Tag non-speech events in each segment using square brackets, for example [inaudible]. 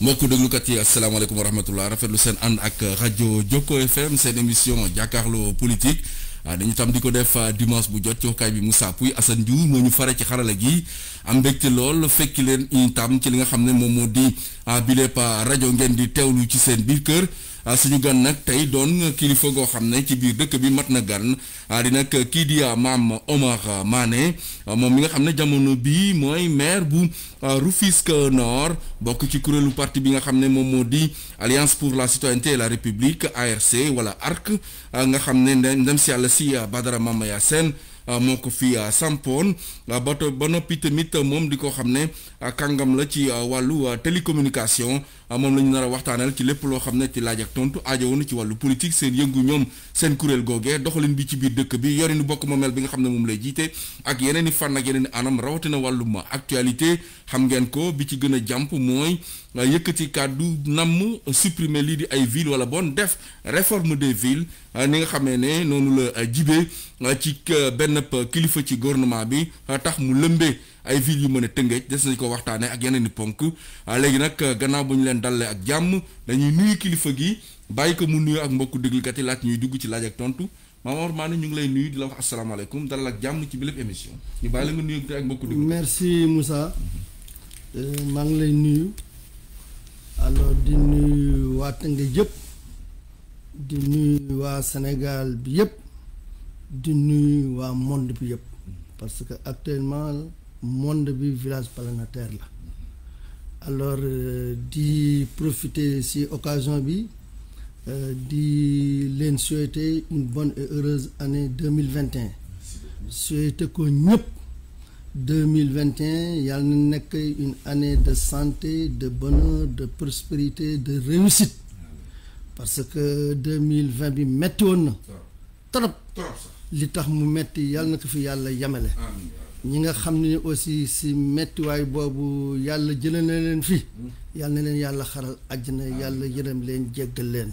mbokku déglukat yi asalaamaaleykum wa rahmatullah rafetlu seen ànd ak rajo Jokko FM seen émission jàkkaarloo politique ah, dañu tam di ko def ah, dimanche bu jot ci waxkaay bi mu Pouy Assane Diouf moo ñu fare ci xarala gi am mbégte lool fekki leen itam ci li nga xam ne moom moo di ah, bilepa rajo ngeen di teewlu ci seen biir kër. Ah, suñu gan nag tey doon kilifa goo xam ne ci biir dëkk bi mat na gan ah, di nag kii di ah, maam Omar Mané moom mi nga xam ne jamono bii mooy maire bu Rufisque Nord bokk ci kuréelu parti bi nga xam ne moom moo di Alliance pour la citoyenneté et la République ARC wala ARC nga xam ne ndem si yàlla si Badara Mamaya Sène moo ko fi sampoon ba ba noppi tamit moom di ko xam ne Euh, kàngam la ci euh, wàllu euh, télécommunication moom lañu ñu nar a waxtaanal ci lépp loo xam ne ci laaj ak tontu aajowoon na ci wàllu politique seen yëngu ñoom seen kuréel googee doxalin bi ci biir dëkk bi yorinu bokk moomeel bi nga xam ne moom lay jiite ak yeneen i fan ak yeneen i anam rawatina wàllu ma actualité xam ngeen ko bi ci gën a jàmp mooy yëkkati kàddu namm supprimer lii di ay ville wala bon def réforme des villes ni nga xamee ne noonu la jibee ci benn kilifa ci gouvernement bi tax mu lëmbee ay ville yu mën a tëngeej des nañ ko waxtaane ak yeneen i ponk ah, léegi nag euh, gannaaw bu ñu leen dalle ak jàmm dañuy nuyu kilifa gi bàyyi ko mu nuyu ak mbokku déglukat yi laaj ñuy dugg ci laaj ak tontu Mamour Mané ñu ngi lay nuyu di la wax asalaamaaleykum dalal ak jàmm ci émission ñu bàyyi la nga nuyu ak mbokku déglu merci Moussa euh, maa ngi lay nuyu alors di nuyu waa tëngeej yëpp di nuyu waa Sénégal bi yëpp di nuyu waa monde bi yëpp parce que actuellement monde bi village planétaire la alors euh, di profiter cette occasion bi euh, souhaiter une bonne et heureuse année 2021 souhaiter que que 2021 il une année de santé de bonheur de prospérité de réussite parce que 2020 bi metti woon trop li tax ñi nga xam ne aussi si mettiwaay boobu yàlla jëlee na leen fi hmm. yalla na leen yalla xaral àjjana yalla yërem leen jéggal leen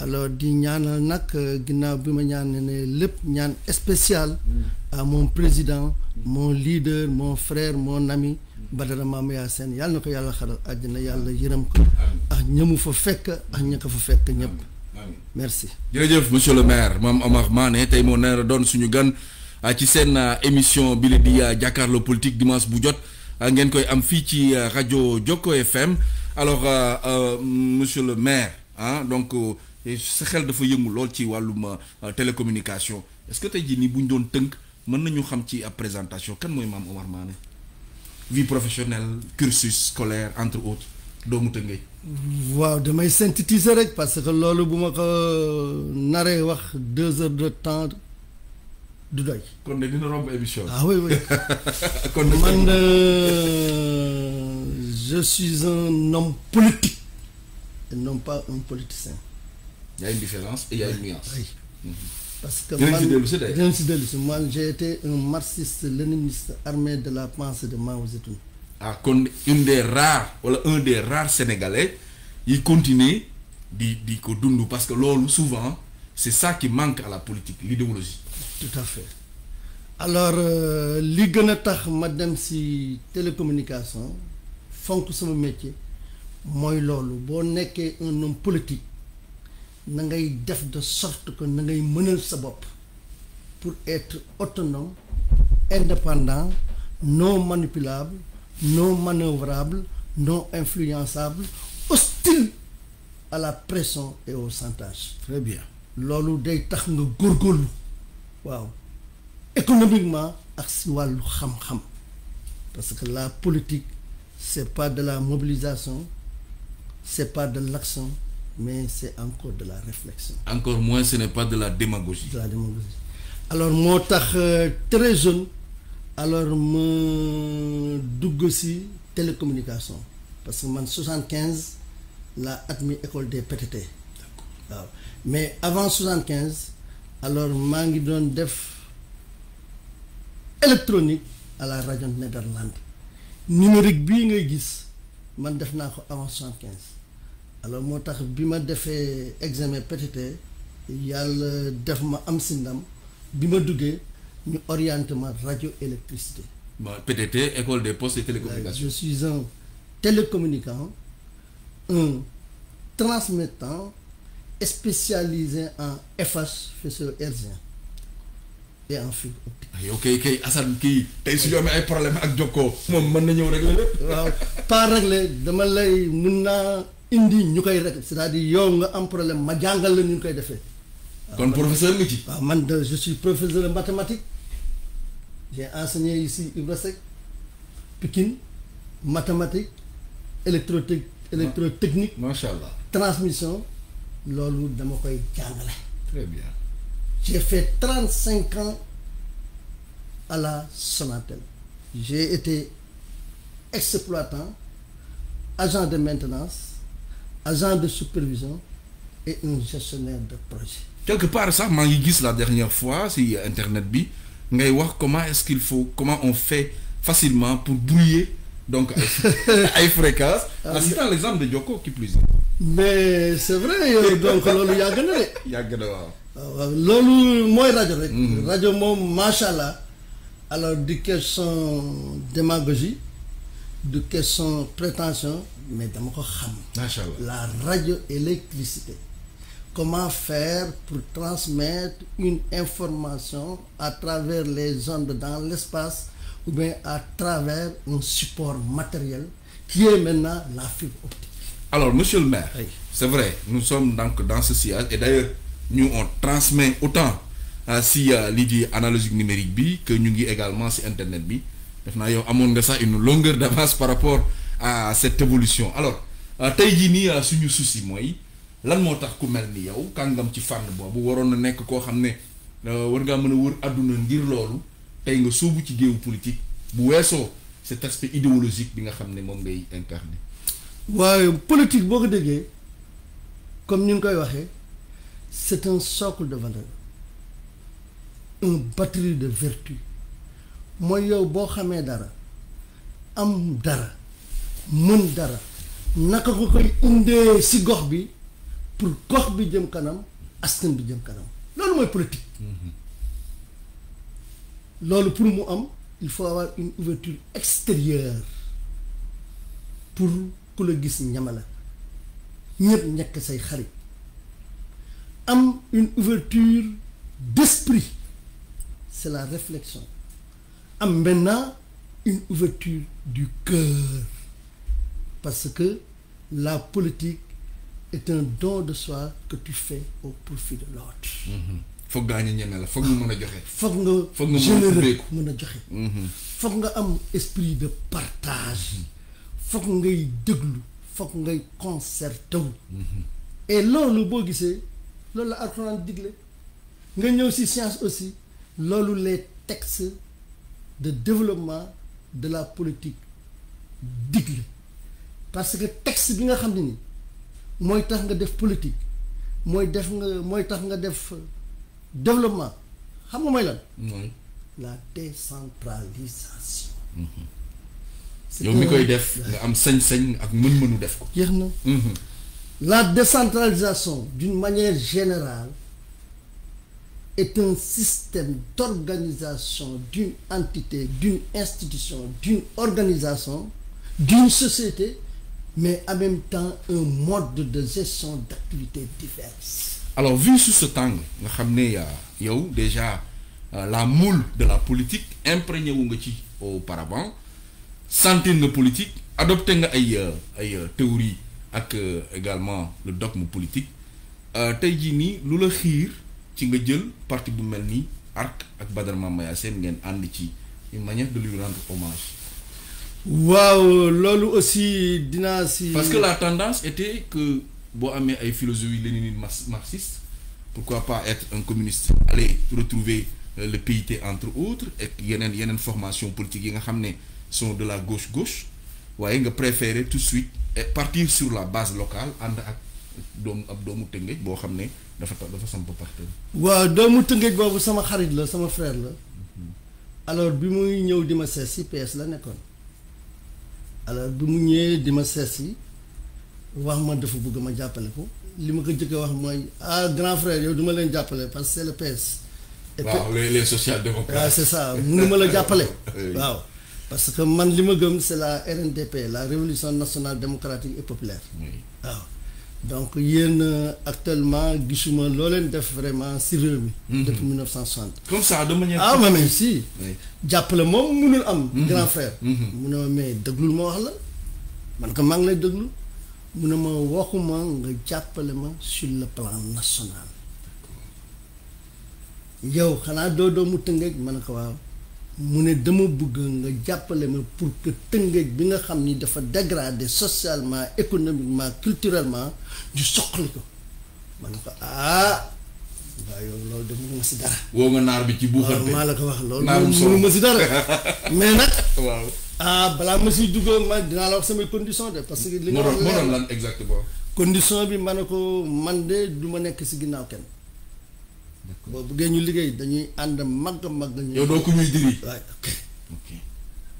alors di ñaanal nak ginnaw bima ñaan ne lepp ñaan spécial hmm. à mon président hmm. mon leader mon frère mon ami Badara Mamaya Sène yàlla na ko yalla xaral àjjana yalla yërem ko ak ñëmu fa fekk ak ñaka fa fekk ñëpp merci jërëjëf monsieur le maire Mame Omar Mané tay moo neera doon suñu gan ah, ci seen ah, émission bi le di ah, jàkkaarloo politique dimanche bu jot ngeen koy am fi ci radio FM alors euh, monsieur le maire hein donc euh, sa xel dafa yëngu lool ci walum télécommunication est-ce que tu jii ni buñ ñu doon tënk mën nañu xam ci présentation kan moy mam Omar Mané vie professionnelle cursus scolaire entre autres doomu Tëngéej. waaw damay synthétiser rek parce que loolu bu ma ko naree wax deux heures de temps du ah oui oui. [laughs] Euh, je suis un homme politique. et non pas un politicien. Il y a une différence et il y a une nuance. Oui. Mhm. Parce que moi, j'ai été un marxiste-léniniste armé de la pensée de Mao Zedong. Ah, des rares, un des rares Sénégalais, il continue d'y parce que l'on souvent, c'est ça qui manque à la politique, l'idéologie. Tout à fait. Alors, euh, li gens, madame, tax si télécommunication fonk sama métier moi, lolo, boo un homme politique na ngay def de sorte que na ngay mënal sa pour être autonome indépendant non manipulable non manœuvrable non influençable hostile à la pression et au chantage. Très bien loolu day tax nga góorgóorlu waaw économiquement parce que la politique c'est pas de la mobilisation n'est pas de l'action mais c'est encore de la réflexion. encore moins ce n'est pas de la démagogie. de la alors moo euh, très jeune alors ma dugg télécommunication parce que man 75 la admis école des PTT mais avant 75 alors mangi ngi def électronique à la radio néerlande numérique bien ngay gis man def na avant 75 alors moo bima bi examen PTT yal def ma am si bima bi ni ma radio électricité. Bah, PTT école des postes et télécommunications. je suis un télécommunicant un transmettant spécialisé en FH, professeur Erzien. Et en fil optique. Ok, ok, Assad, qui, t'as eu un problème avec Djoko, moi, je ne peux pas régler. Pas régler, je lay mëna indi c'est-à-dire yow nga am problème ma jàngal la ñu koy defee. professeur nga ci. je suis professeur de mathématiques j'ai enseigné ici Ibrasec Pekin mathématiques électrotechnique. électro transmission très bien. j'ai fait 35 ans à la Sonatel. j'ai été exploitant agent de maintenance agent de supervision et un gestionnaire de projet. quelque part ça maa la dernière fois si internet bi ngay wax comment est-ce qu'il faut comment on fait facilement pour brouiller donc à [laughs] fréquence c'est dans l'exemple de Djoko, qui plus mais c'est vrai euh, donc l'on lui a de yàgg ah, lolu moy radio a la rek mhm. Radio, alors du question démagogie du question prétentions, mais dama ko la radio électricité comment faire pour transmettre une information à travers les ondes dans l'espace ou bien à travers un support matériel qui est maintenant la fibre optique. Alors, monsieur le maire, c'est vrai, nous sommes donc dans ce sillage et d'ailleurs, nous on transmet autant à euh, si euh, l'idée analogique numérique bi que nous également sur internet bi. Nous ça une longueur d'avance par rapport à cette évolution. Alors, aujourd'hui euh, nous nii suñu souci moi lan moo tax ku melni yow kangam ci fann bobu waroon na nekk koo war nga mën wër ngir loolu tey nga sóobu ci politique bu wesso cet aspect idéologique bi nga xamné mom moom ngay incarné. waaye politique boko ko comme ni koy waxé c'est un socle de valeur une batterie de vertus. moy yow bo xamé dara am dara mën dara naka ko koy indee si gox bi pour gox bi jëm kanam askan bi jëm kanam loolu mooy politique. Mm-hmm pour mu il faut avoir une ouverture extérieure pour ku la gis n'y a ñëpp say xarit am une ouverture d'esprit c'est la réflexion am maintenant une ouverture du cœur parce que la politique est un don de soi que tu fais au profit de l'autre. Mm-hmm foog gaa ñu ñeme la foog ñu mën a joxe. foog nga foog nga mën a joxe. Mhm. foog nga am esprit de partage. foog ngay déglu foog ngay concerté wu. Mhm. et loolu boo gisee loolu la Alxuraan digle nga ñëw ci science aussi loolu les textes de développement de la politique digle parce que texte bi nga xam ne ni mooy tax nga def politique mooy def nga mooy tax nga def développement la décentralisation. la décentralisation d'une manière générale est un système d'organisation d'une entité d'une institution d'une organisation d'une société mais en même temps un mode de gestion d'activités diverses alors vu sous ce angle nga xam euh, yow déjà euh, la moule de la politique imprégnée wu nga ci auparavant sentir de politique adopté nga ay euh, ay théorie et également le dogme politique tey jii dit que la ci nga jël parti bu Melni, ARC ak Badar Mame Makhtar Sène une manière de lui rendre hommage. waouh loolu aussi dinaa si. parce que la tendance était que boo amee ay philosophie léninine marxiste pourquoi pas être un communiste aller retrouver euh, le PIT entre autres et yeneen yeneen formation politique yi nga xam ne sont de la gauche gauche waaye nga préférer tout de suite partir sur la base locale ànd ak doomu ab doomu tëngéej boo xam ne dafa dafa samp parti waaw doomu tëngéej boobu sama xarit la sama frère la mm-hmm. alors bi muy ñëw di ma sees si PS la nekkoon alors bi mu ñëwee di ma sees si wax ma dafa bëgg ma jàppale ko li ma ko jëkk wax mooy ah grand frère yow du ma leen jàppale parce que c'est le PS. waaw les les social démocrates waaw ah, c'est ça mënu ma la jàppale. [laughs] waaw parce que man li ma gëm c'est la RNDP la révolution nationale démocratique et populaire. waaw donc yéen actuellement gisuma loo leen def vraiment si réew mi. Mhm. depuis 1960. comme ça de manière. ah mais si. jàppale moom mënul am. grand mhm. frère. Mhm. mu ne mais déglul ma wax la man ko maa ngi lay déglu. mu ne ma waxuma nga jàppale ma sur le plan national yow xanaa doo doomu tëngéej ma ne ko waaw mu ne dama bëgg nga jàppale ma pour que tëngéej bi nga xam ni dafa dégradé socialement économiquement culturellement ñu soqali ko ma ne ko ah waaw yow loolu de mënu si dara. woo nga naar bi ci buuxante maa la ko wax loolu. naarum si dara [laughs] mais ah balaa ma siy dugal ma dinaa la wax samay condition de parce que. li nga xam ne lan exactement. condition bi ma ne ko man de du ma nekk si ginnaaw kenn. boo buggee ñu liggéey dañuy ànd mag mag. dañuy yow doo ko ñuy diri. waay ok.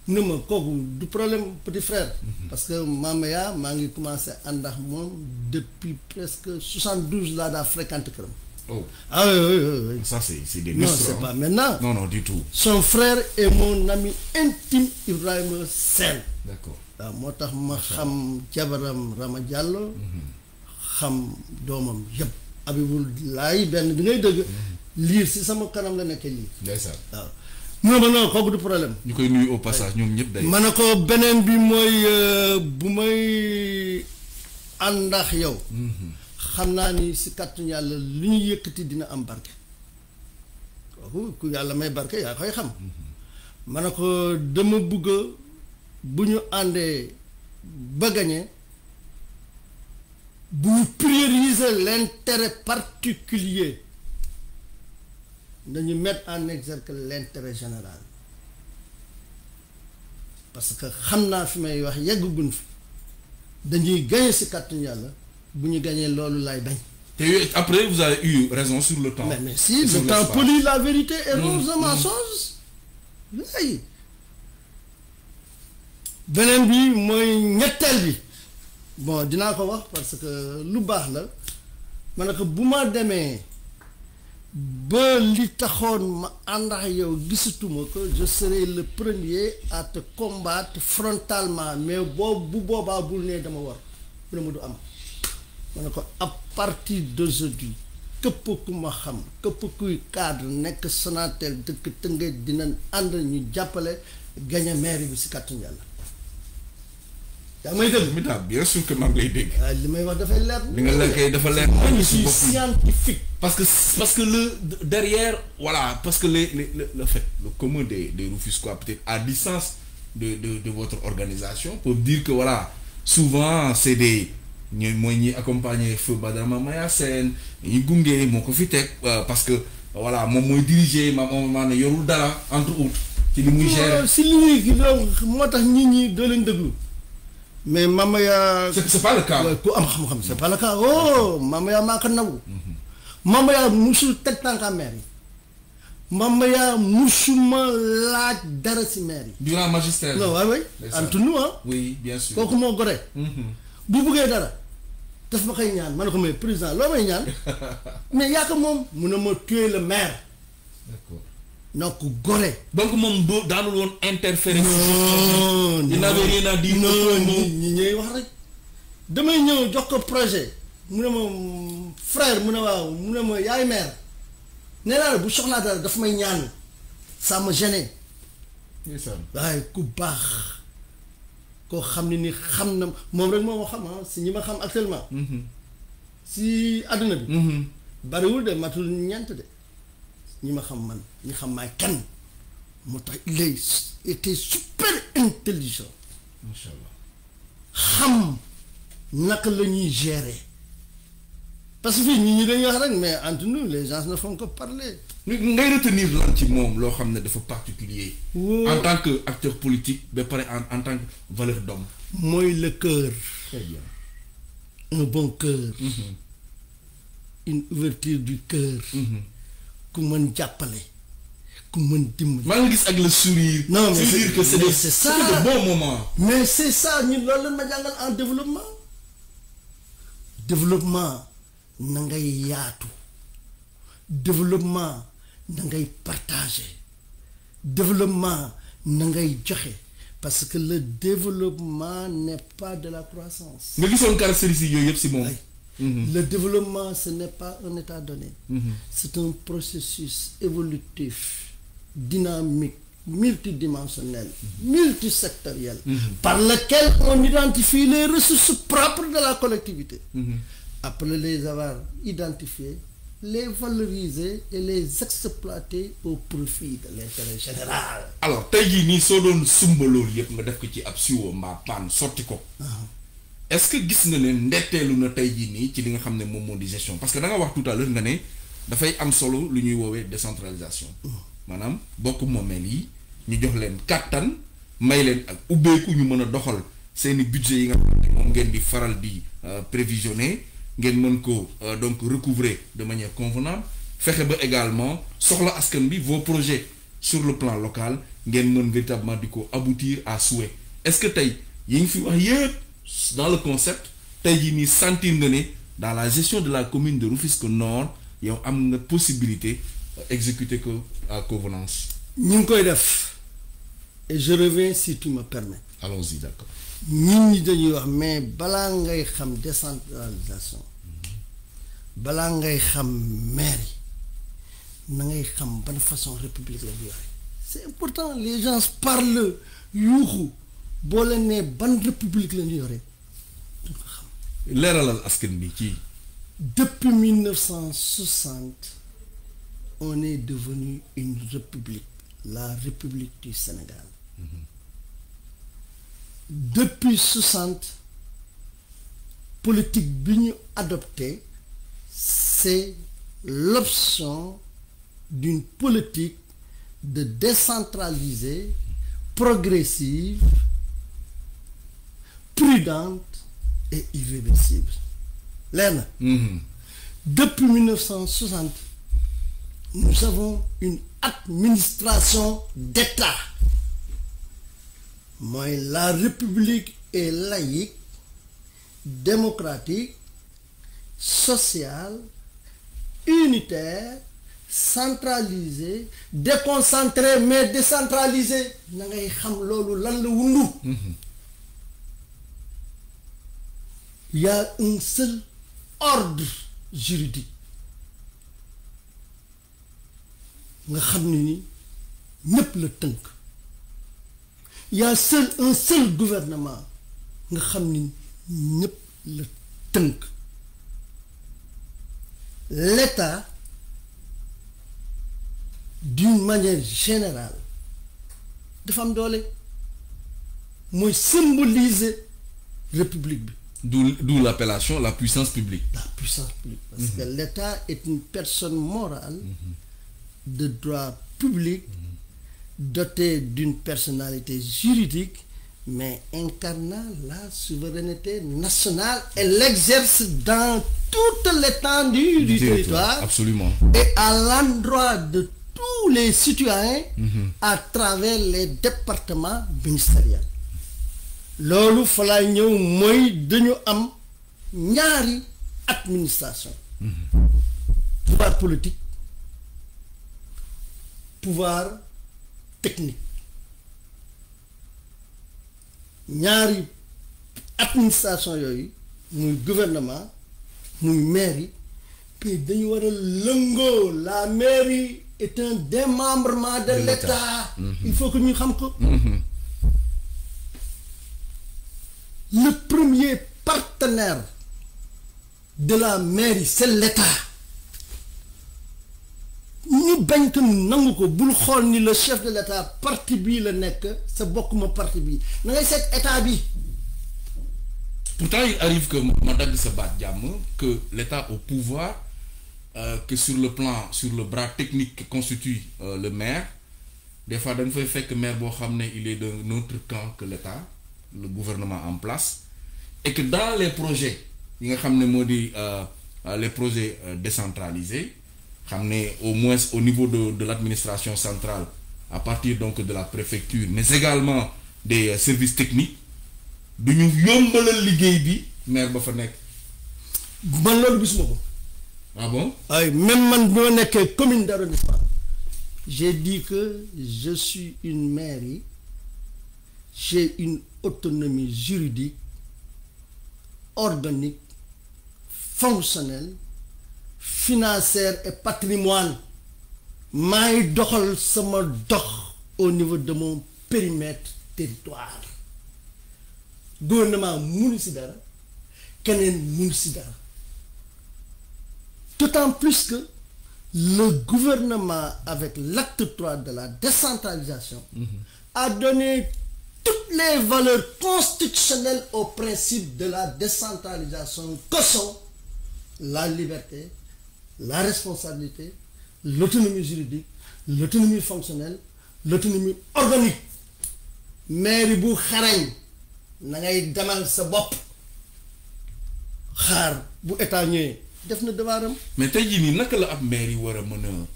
ne ma kooku du problème petit frère. Mhm. parce que Mamaya maa ngi commencé ànd ak moom depuis presque 72 laa daa fréquente kan këram. Oh. Ah oui, oui, oui. Ça, c'est des Non, c'est pas maintenant. Non, non, Son frère est mon ami intime, Ibrahim Sen. waaw ah, moo tax ma xam jabaram Rama mhm. xam doomam yëpp. abibul laay benn bi ngay dëgg. Mhm. liir si sama kanam la nekk liir. ndeysaan waaw. Ah. mu ne ma non kooku du problème. ñu koy nuyu au passage ñoom ñëpp day. man ne ko beneen bi mooy euh, bu may àndax yow. Mhm. xam naa ni si kàttu yàlla lu ñu yëkkati dina am barke kooku ku yàlla may barke yaa koy xam ma ne ko dama bugg bu ñu àndee ba gañee bu prioriser l'intérêt particulier nañu mettre en exergue l'intérêt général parce que xam naa fi may wax yeggugun fi dañuy gagné si kàttu yàlla bu gagné loolu laay bañ. Et après, vous avez eu raison sur le temps. Mais, mais si, le temps polie la vérité et mmh, la mensonge. Mmh. Oui. beneen bi moy ñettel bi bon dina ko wax parce que lu baax la ma ne ko bu ma demee ba li taxone ma ànd ak yow gisatuma ko je serai le premier à te combattre frontalement mais bo bu boba bul né dama war mu ma du am ma ne ko à partir d'aujourd'hui képp ku ma xam képp kuy cadre nekk Sonatel dëkk Tëngéej dinañ ànd ñu jàppale gagner maire bi si kàttanu yàlla. yaa may dégg mi daal bien sûr que maa ngi lay dégg. Ah, li may wax dafay leer. li nga lay dafa leer. ñu si scientifique. parce que parce que le derrière voilà parce que les le fait le commun des des quoi peut-être à distance de de de votre organisation pour dire que voilà souvent c'est des ni mooy ñi accompagner feu Badarma Maya Sène ñu gunge moo ko fi euh, parce que voilà moom mooy diriger ma maa ne yorul dara entre autres. ci li muy gérer si li moo tax nit ñi do leen déglu. mais mama ya c'est pas le cas am xam-xam c'est pas le cas oh Mamaya ma ko naw. musu musul tanka tànka mama ya musu ma laaj dara si maire durant magistère non oui waay. am tunu ah. oui bien sûr kooku mo goré mhm. bu bëggee dara. dafa ma koy ñaan man ne ko mais président loo may ñaan [laughs] mais yaa ko moom mun a ma tuer le maire. d'accord donc gore. donc moom boo daanul woon interférer. non non a di. ñuy wax rek. damay ñëw jox ko projet mu ne ma frère mu ne waaw mu ne ma yaay maire nee bu soxlaa dara dafa may ñaan ça me waaye ku baax. koo xam ni xam na moom rek moo ma xam ah si ñi ma xam actuellement. Mm-hmm. si àdduna bi. Mm-hmm. bariwul de matul ñeent de ñi ma xam man ñi xam maay kan moo tax il était super intelligent. macha allah xam naka la ñuy gérer parce que fii ñi ñi dañuy wax rek mais entre nous les gens ne font que parler. ngay retenir lan ci moom loo xam ne particulier en tant que acteur politique mais pare en en tant que valeur d'homme Moi le cœur un bon cœur mm-hmm. une ouverture du cœur mm-hmm. ku mën jàppale ku mën dimbali maa gis le sourire non mais dire que c'est ça de bon moment. mais c'est ça ñun loolu la ma jàngal en développement développement na ngay yaatu développement partager développement parce que le développement n'est pas de la croissance. mais qui sont mhm. le développement ce n'est pas un état donné. Mhm. c'est un processus évolutif dynamique multidimensionnel mhm. multisectoriel. par lequel on identifie les ressources propres de la collectivité. après les avoir identifiées les valoriser et les exploiter au profit de l'intérêt général. alors tey jii nii soo doon sumba loolu yëpp nga def ko ci ab siwo mbaa ko. Ah. est-ce que gis nga ne ndetteelu na tey jii nii ci li nga xam gestion parce que da nga wax tout à l'heure nga ne dafay am solo lu ñuy woowee décentralisation. Ah. maanaam bokk moomeel yi ñu jox katan kàttan may leen ak ubbeeku ñu mën a doxal seeni budget yi nga xam ngeen di faral di euh, prévisionner. Euh, donc recouvrer de manière convenable faire également soxla askan bi vos projets sur le plan local ngeen véritablement aboutir à souhait est-ce que tu as une fi wax dans le concept tu as nii sentir nga dans la gestion de la commune de Rufisque Nord yow am nga possibilité d'exécuter la convenance. ñu et je reviens si tu me permets. allons-y d'accord. ñun ñi dañuy wax mais décentralisation balaa ngay xam maire yi na ngay xam ban façon république la ñu yore c'est important les gens parlent yuuxu boo leen nee ban république la ñu yore du ko xam. leeralal askan bi ci. depuis 1960 on est devenu une république la république du Sénégal. Mm -hmm. depuis 60 politique bi ñu adopté c'est l'option d'une politique de décentraliser, progressive, prudente et irréversible. Lena, mhm. depuis 1960, nous avons une administration d'État. Mais la République est laïque, démocratique, social, unitaire, centralisé, déconcentré mais décentralisé. Mhm. Il y a un seul ordre juridique Il y a seul un seul gouvernement nga l'État, d'une manière générale, de femmes d'olé, moi symbolise la République. D'où l'appellation la puissance publique. La puissance publique. Parce mm-hmm. que l'État est une personne morale de droit public mm-hmm. dotée d'une personnalité juridique mais incarnant la souveraineté nationale elle l'exerce dans toute l'étendue du, territoire, Absolument. et à l'endroit de tous les citoyens mhm. à travers les départements ministériels. am administration pouvoir politique pouvoir technique ñaari administration yooyu muy gouvernement muy mairie puis dañu war a la mairie est un démembrement de l'État mhm. il faut que nous xam ko mhm. le premier partenaire de la mairie c'est l'État ni le chef de l'État parti C'est le nek sa C'est parti pourtant il arrive que ma dagg sa que l'État au pouvoir euh, que sur le plan sur le bras technique que constitue euh, le maire des fois il fait fait que maire il est d'un autre camp que l'État, le gouvernement en place et que dans les projets yi nga xamné euh, les projets décentralisés au moins au niveau de l'administration centrale à partir donc de la préfecture mais également des euh, services techniques de ñu yombalal bi maire man ah bon. ay même man commune j'ai dit que je suis une mairie j'ai une autonomie juridique organique fonctionnelle financière et patrimoine au niveau de mon périmètre territoire gouvernement municipal, Kenen municipal. plus que le gouvernement avec l'acte 3 de la décentralisation a donné toutes les valeurs constitutionnelles au principe de la décentralisation que sont la liberté, la responsabilité, l'autonomie juridique, l'autonomie fonctionnelle, l'autonomie organique. maire bu vous na ngay demal sa avez xaar bu état ñëwee def na devaram mais tay jii nii naka la ab maire yi war a a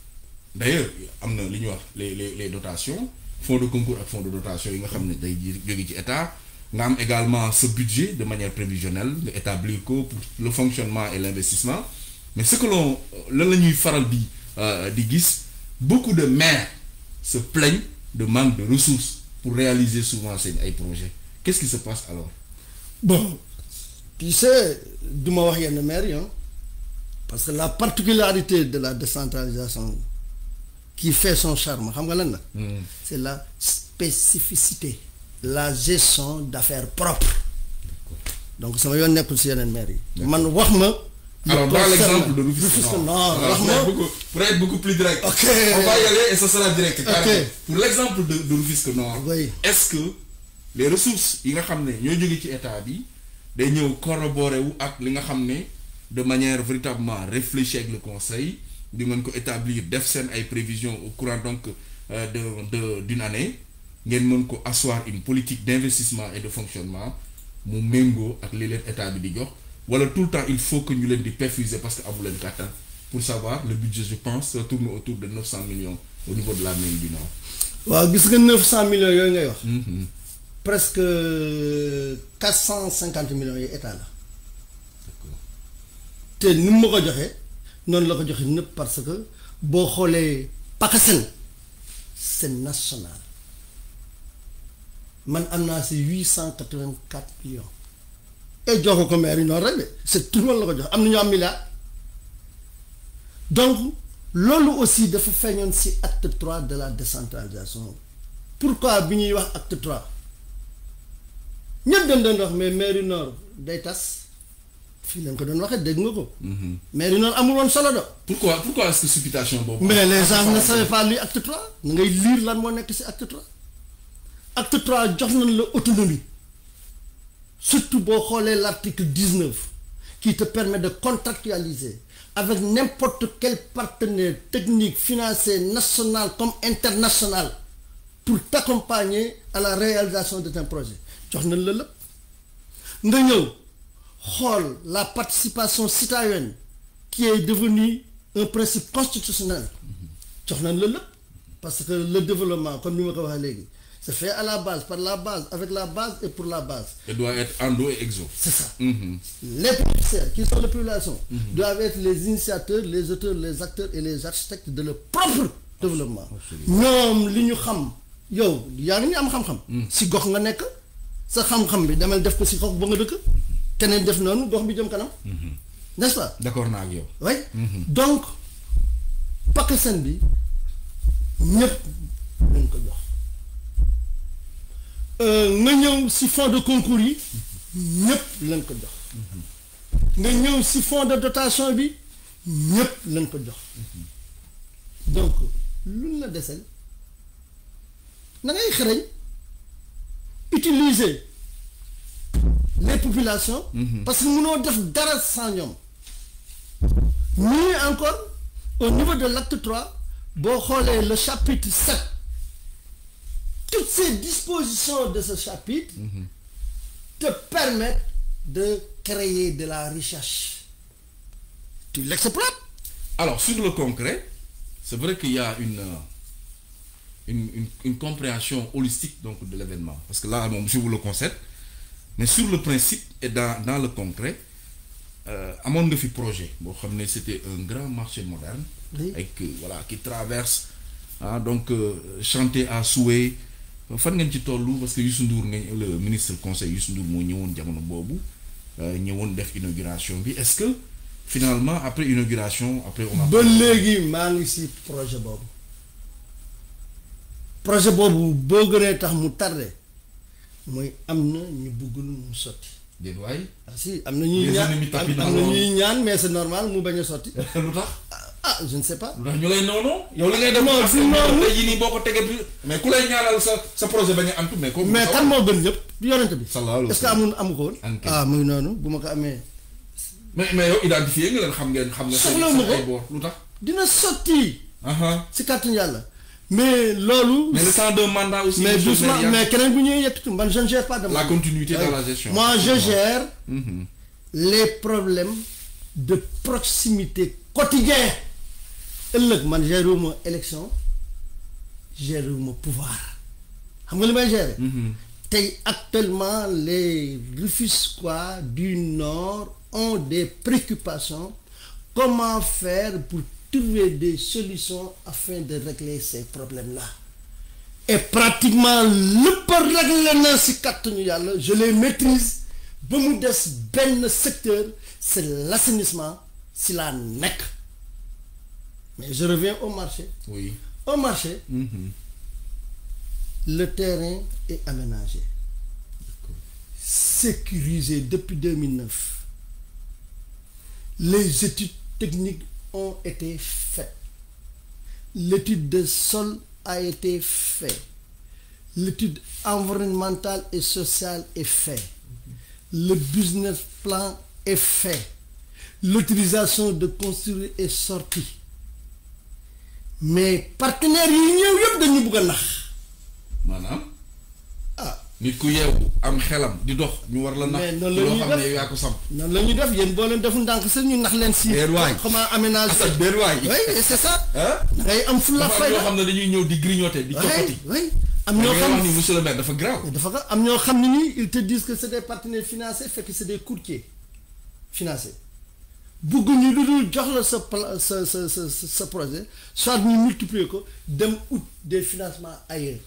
d'ailleurs am na li wax les les les dotations fonds de concours ak fonds de dotation yi nga xam ne day jóge ci état nga am également ce budget de manière prévisionnelle nga établir pour le fonctionnement et l'investissement mais ce que l'on dit, la euh, beaucoup de maires se plaignent de manque de ressources pour réaliser souvent ces projets qu'est-ce qui se passe alors bon tu sais du ma a une mairie, hein, parce que la particularité de la décentralisation qui fait son charme hmm. c'est la spécificité la gestion d'affaires propres donc ça va nekkul une mairie. maires alors, dans l'exemple de Rufus, non. pour, être beaucoup, plus direct, on va y aller et ça sera direct. Pour l'exemple de, de Rufus, Est-ce que les ressources, ils ont ramené, ils ont dit qu'ils étaient à corroborer ou de manière véritablement réfléchie avec le conseil, établir ont établi des prévisions au courant donc euh, d'une de, année, ils ont asseoir une politique d'investissement et de fonctionnement, mon mengo avec les états de voilà tout le temps il faut que nous les di perfuser parce que amu pour savoir le budget je pense tourne autour de 900 millions au niveau de la même du Nord. waaw 900 millions mm-hmm. presque 450 euh, millions est là la. te ni mu ma non parce que boo les c'est national man c'est 884 millions. Et il a mairie non réglé. C'est tout le monde qui a dit. Il y a Donc, l'olu aussi de faire si acte 3 de la décentralisation. Pourquoi il y acte 3 nous avons dit que Mary Nord est en train de se faire. Mary Nord est en train de Pourquoi, Pourquoi est-ce que cette supputation Mais les gens ne savent pas lire l'acte 3. Ils ne la pas lire l'acte 3. Acte 3 a l'autonomie surtout pour l'article 19 qui te permet de contractualiser avec n'importe quel partenaire technique financier national comme international pour t'accompagner à la réalisation de ton projet Nous nañ la la participation citoyenne qui est devenue un principe constitutionnel parce que le développement comme nous le dit, c'est fait à la base, par la base, avec la base et pour la base. Il doit être endo et exo. C'est ça. Mhm. Les professeurs, qui sont les populations, mm doivent être les initiateurs, les auteurs, les acteurs et les architectes de leur propre développement. Non, li ham yo yow yaa am xam-xam. Mhm. si vous nga nek, sa xam-xam bi demal def ko si gox ba nga dëkk. def non, bi kanam. Mhm. n'est-ce pas. d'accord Nagio. oui donc pas que bi ne, nañ euh, nga ñëw si fonds de concours yi ñëpp lañ ko jox nga ñëw fonds de dotation bi ñëpp lañ ko jox donc luñ la nous na ngay xereñ utiliser les populations mhm. parce que mënoo def dara sans ñoom ñuy encore au niveau de l'acte 3 le chapitre 7 toutes ces dispositions de ce chapitre te permettent de créer de la recherche. Tu l'exploites. Alors, sur le concret, c'est vrai qu'il y a une, euh, une, compréhension holistique donc, de l'événement. Parce que là, bon, je vous le concède. Mais sur le principe et dans, le concret, à euh, mon de Projet, bon, c'était un grand marché moderne et que, euh, voilà, qui traverse hein, donc chanter à souhait, Euh, fan ngeen ci tollu parce que Youssou Ndour nga le ministre conseil Youssou Ndour moo ñëwoon jamono boobu euh, ñëwoon def inauguration bi est-ce que finalement après inauguration après. on a ba léegi maa ngi si projet boobu projet boobu boo gënee tax mu tardé mooy am na ñu bëggul mu sotti. déedwaay. ah si am na ñuy ñaan am na ñuy ñaan mais c'est normal mu bañ a sotti. [laughs] ah je ne sais pas. Bah, non ñu lay noonu. yow li ngay def moom si noonu tey jii bi mais ku lay ñaaral sa sa projet bañ a antu mais. comme mais kan moo gën ñëpp yonent bi. salaahu est-ce qu'Amun amun amu ko ah muy noonu bu ma ko amee. mais mais yow identifier nga leen xam ngeen. xam nga soxla ma ko lu tax. dina sotti. si kàttan mais lolu mais le temps de mandat aussi. mais doucement mais keneen bu ñëwee yettu man je ne gère pas de. la continuité dans la gestion. moi je gère. Mhm. les problèmes de proximité quotidien ëllëg man gère élection mon pouvoir xam nga li may mhm. actuellement les Rufisquois du Nord ont des préoccupations comment faire pour trouver des solutions afin de régler ces problèmes-là. Et pratiquement, le problème, je les maîtrise. Ben secteur, c'est l'assainissement, c'est la NEC. Mais je reviens au marché. Oui. Au marché, mhm. le terrain est aménagé, sécurisé depuis 2009. Les études techniques ont été faites. L'étude de sol a été faite. L'étude environnementale et sociale est faite. Le business plan est fait. l'utilisation de construire est sortie mais partenaires yi ñëw yëpp dañu bugg a nax. maanaam. ah nit ku yeewu am xelam di dox ñu war la nax. mais noonu la ñuy xam ne yaa ko samp. noonu la def yéen boo leen defu ndànk sax ñu nax leen si. déedwaay comment aménage. Ah, déedwaay oui c'est ça. [laughs] da ngay am fulla fayda dafa xam ne dañuy ñëw di grignoter di coppati. oui am ñoo xam ne monsieur le maire dafa grave. dafa grave am ñoo xam ne nii ils te disent que c'est des partenaires financiers fekk c'est des courtiers financiers. bëgguñu lu dul jox la sa sa sa sa projet soit ñu multiplier ko dem des financements ailleurs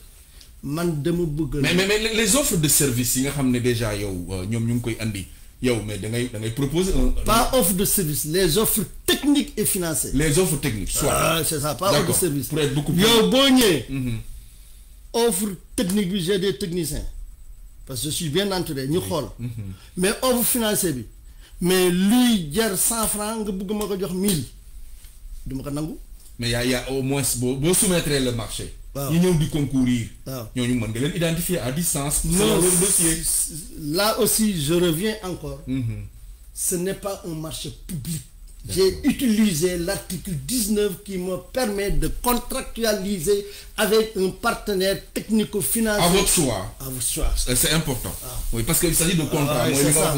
man dama mais mais les offres de services, yi nga xam déjà yow euh, ñoom ñu koy andi yow mais da ngay da ngay proposer pas offre de service les offres techniques et financières. les offres techniques. soit ah, c'est ça pas offre de service. pour être beaucoup plus yow boo mhm. offre technique j'ai des techniciens parce que je suis bien entouré ñu xool. Mhm. mais offre financière bi mais lui, jar 100 francs, nga bëgg mako jox 1000 du mako nangu. mais y ya au moins boo soumettre le marché. Ils ñi ñëw concourir. ñoo ñu mën identifier à distance. non là aussi je reviens encore. Mm-hmm. ce n'est pas un marché public. J'ai utilisé l'article 19 qui me permet de contractualiser avec un partenaire technico-financier. À votre choix. À votre choix. Euh, c'est important. Ah. Oui, parce qu'il s'agit de contrat. Ah, c'est ça.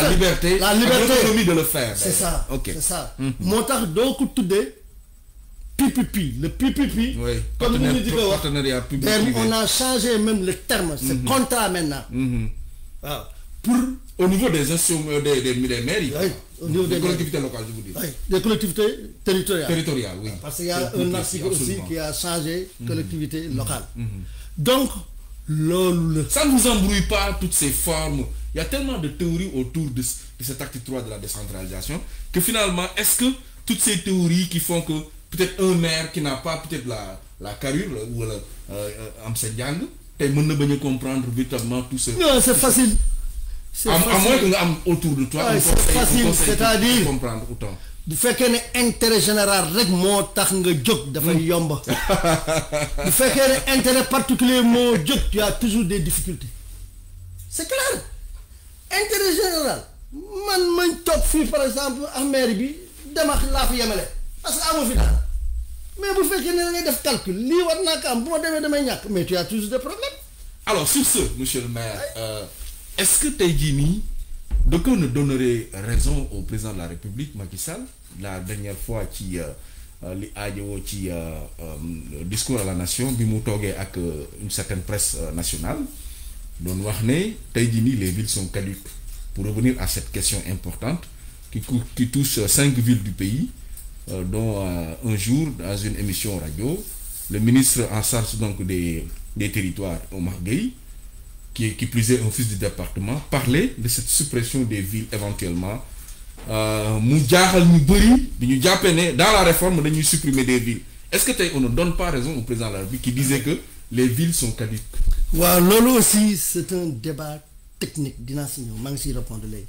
la liberté, la liberté. de le faire. C'est ça. Ok. C'est ça. Mm-hmm. Montagne donc Mon de, pipipi, le PPP, oui. comme nous dit public, ben, on a changé même le terme, c'est mm-hmm. contrat maintenant. Mm-hmm. Ah. Pour... Au niveau des, euh, des, des, des mairies des, collectivités locales, je des collectivités territoriales. Parce qu'il y a un article aussi qui a changé mhm. collectivité mhm. locale. Mhm. Donc, Ça ne vous embrouille pas toutes ces formes. Il y a tellement de théories autour de, cet acte 3 de la décentralisation que finalement, est-ce que toutes ces théories qui font que peut-être un maire qui n'a pas peut-être la, la carrure ou peut euh, euh, comprendre véritablement tout ce... Non, c'est facile. À, à, moins que nga autour de toi. Ouais, c'est facile c'est-à-dire comprendre autant. bu fekkee ne intérêt général rek mo tax nga jóg. dafay hmm. yomb. [laughs] bu fekkee ne intérêt particulier mo jóg. tu as toujours des difficultés. c'est clair intérêt général man mañ top fi par exemple ak bi dama laa fi yemale parce que amu fi dara mais bu fekkee ne ngay def calcul li war naa ko am bu ma demee damay ñàkk mais tu as toujours des problèmes. alors sur ce monsieur le maire. Euh, est-ce que tey d'où on ne donnerait raison au président de la République Macky la dernière fois qu'il a dit le discours à la nation bi a que euh, une certaine presse euh, nationale dont wax les villes sont caduques pour revenir à cette question importante qui qui touche euh, cinq villes du pays dont un jour dans une émission radio le ministre en charge donc des des territoires au Gueye qui, qui plus un fils du département, parler de cette suppression des villes éventuellement. Euh, dans la réforme a supprimer des villes est-ce que on ne donne pas raison au président de la qui disait que les villes sont caduques. waaw Lolo aussi c'est un débat technique dinaa si ñëw maa de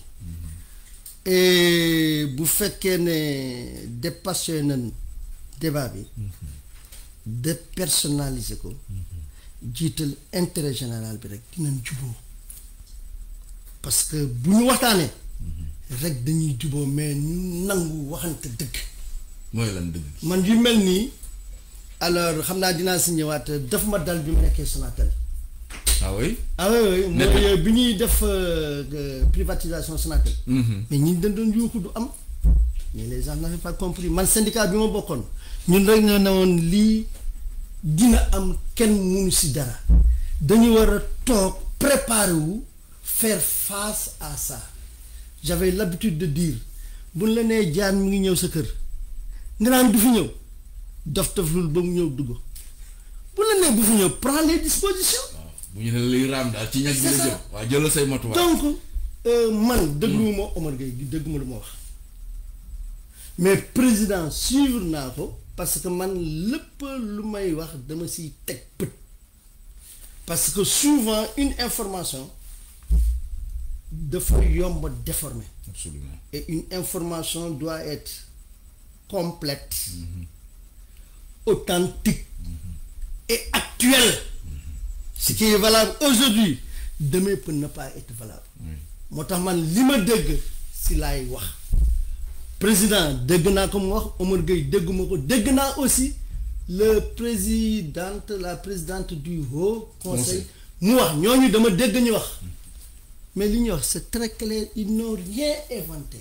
et vous faites ne dépassé débat mhm. des personnaliser quoi. jiital intérêt général bi rek dinañ juboo parce que bu ñu waxtaanee rek dañuy juboo mais ñu nangu waxante dëgg. lan man yu mel nii alors xam naa dinaa si ñëwaat daf ma dal bi mu nekkee Sonatel. Ah ah euh, bi ñuy def euh, privatisation Sonatel. Mm-hmm. mais ñi dañ doon du am man syndicat bi ma bokkoon ñun rek ñoo lii. dina am kenn mënu si dara dañu war a toog préparer wu faire face à ça j'avais l'habitude de dire buñ la nee jaan mi ngi ñëw sa kër nga naan du fi ñëw dof doflul ba mu ñëw dugg bu la nee bu fi ñëw prends les dispositions. bu ñu ne liy raam daal ci ñag bi la jëm. waaw jëlal say matuwaay. donc euh, man dëgguwuma Omar Gueye dëgguma lu ma wax mais président suivre naa ko parce que man lépp lu may wax dama parce que souvent une information dafa yomb déformer et une information doit être complète mm-hmm. authentique mm-hmm. et actuelle ce qui est valable aujourd'hui demain peut ne pas être valable man si wax président degna comme wax Omar Gueye dégguma ko aussi le présidente la présidente du haut conseil mu wax ñooñu dama degg ñu wax mais li ñuy wax c'est très clair il n'ont rien inventé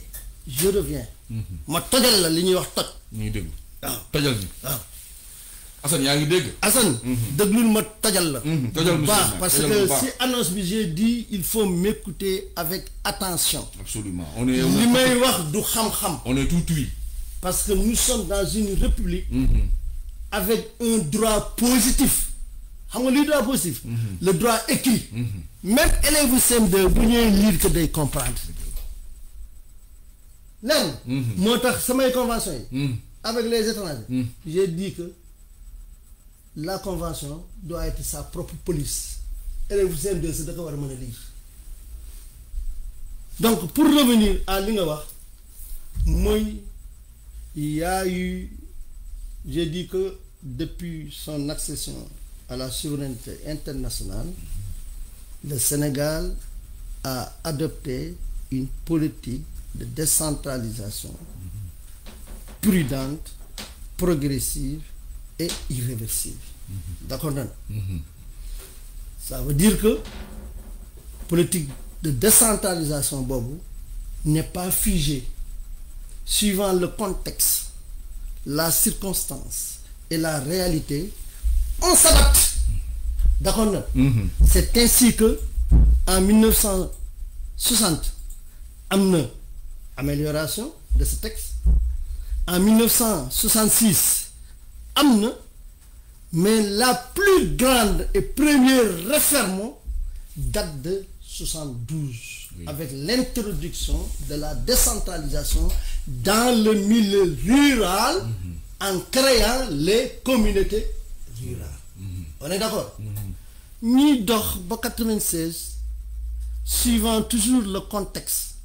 je reviens mhm. ma tojal la li ñuy wax toj ñuy degg waaw ah. tojal waaw Assane il y a Assane. Mhm. déglul ma tajal la. Mhm, tajal parce que si annonce bi j'ai dit il faut m'écouter avec attention. absolument on est. li on est tout oui. parce que nous sommes dans une république. Mhm. avec un droit positif. xam nga le droit positif. le droit écrit. même élèves vous 2 vous lire que de comprendre. lenn. moi, c'est samay convention avec les étrangers. j'ai dit que la convention doit être sa propre police. Elle vous aime de ce que Donc, pour revenir à l'Ingawa, moi, il y a eu, j'ai dit que depuis son accession à la souveraineté internationale, le Sénégal a adopté une politique de décentralisation prudente, progressive irréversible. Mm-hmm. D'accord mm-hmm. Ça veut dire que politique de décentralisation n'est pas figée suivant le contexte, la circonstance et la réalité. On s'adapte. D'accord mm-hmm. C'est ainsi que en 1960, amélioration de ce texte. En 1966, mais la plus grande et première réforme date de 72 avec l'introduction de la décentralisation dans le milieu rural mhm. en créant les communautés rurales mhm. on est d'accord mhm. Nous, dox ba 96 suivant toujours le contexte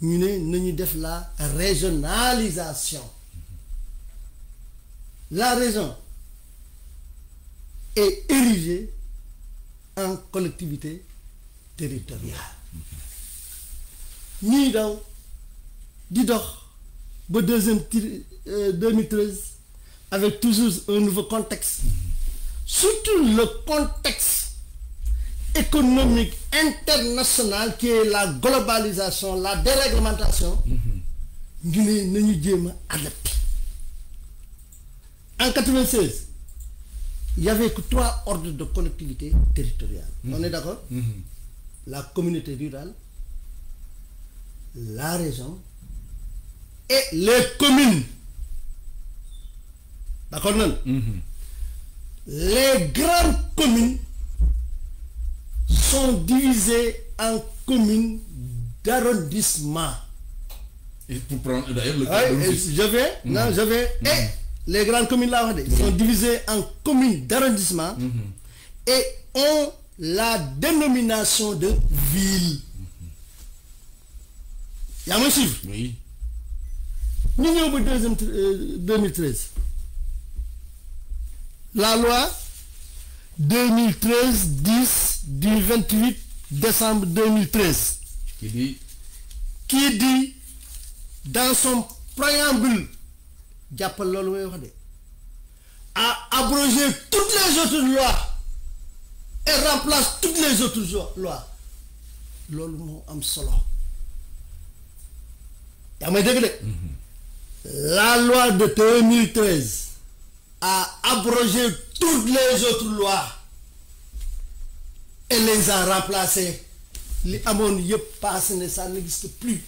nous avons fait la régionalisation la raison est érigée en collectivité territoriale Nous, daw di dox ba deuxième 2013 euh, avec toujours un nouveau contexte surtout le contexte économique international qui est la globalisation la déréglementation nous mm-hmm. nous nañu jéem en 96, il n'y avait que trois ordres de connectivité territoriale. Mm-hmm. On est d'accord mm-hmm. La communauté rurale, la région et les communes. D'accord non mm-hmm. Les grandes communes sont divisées en communes d'arrondissement. Et pour prendre d'ailleurs le cas ah, Je vais, non, je Et les grandes communes sont divisées en communes d'arrondissement mhm. et ont la dénomination de ville. Il mhm. y Oui. Nous 2013. Euh, la loi 2013-10 du 28 décembre 2013 qui dit, qui dit dans son préambule a abrogé wax toutes les autres lois et remplace toutes les autres lois am solo mm-hmm. la loi de 2013 a abrogé toutes les autres lois et les a remplacées Les amours ne ça n'existe plus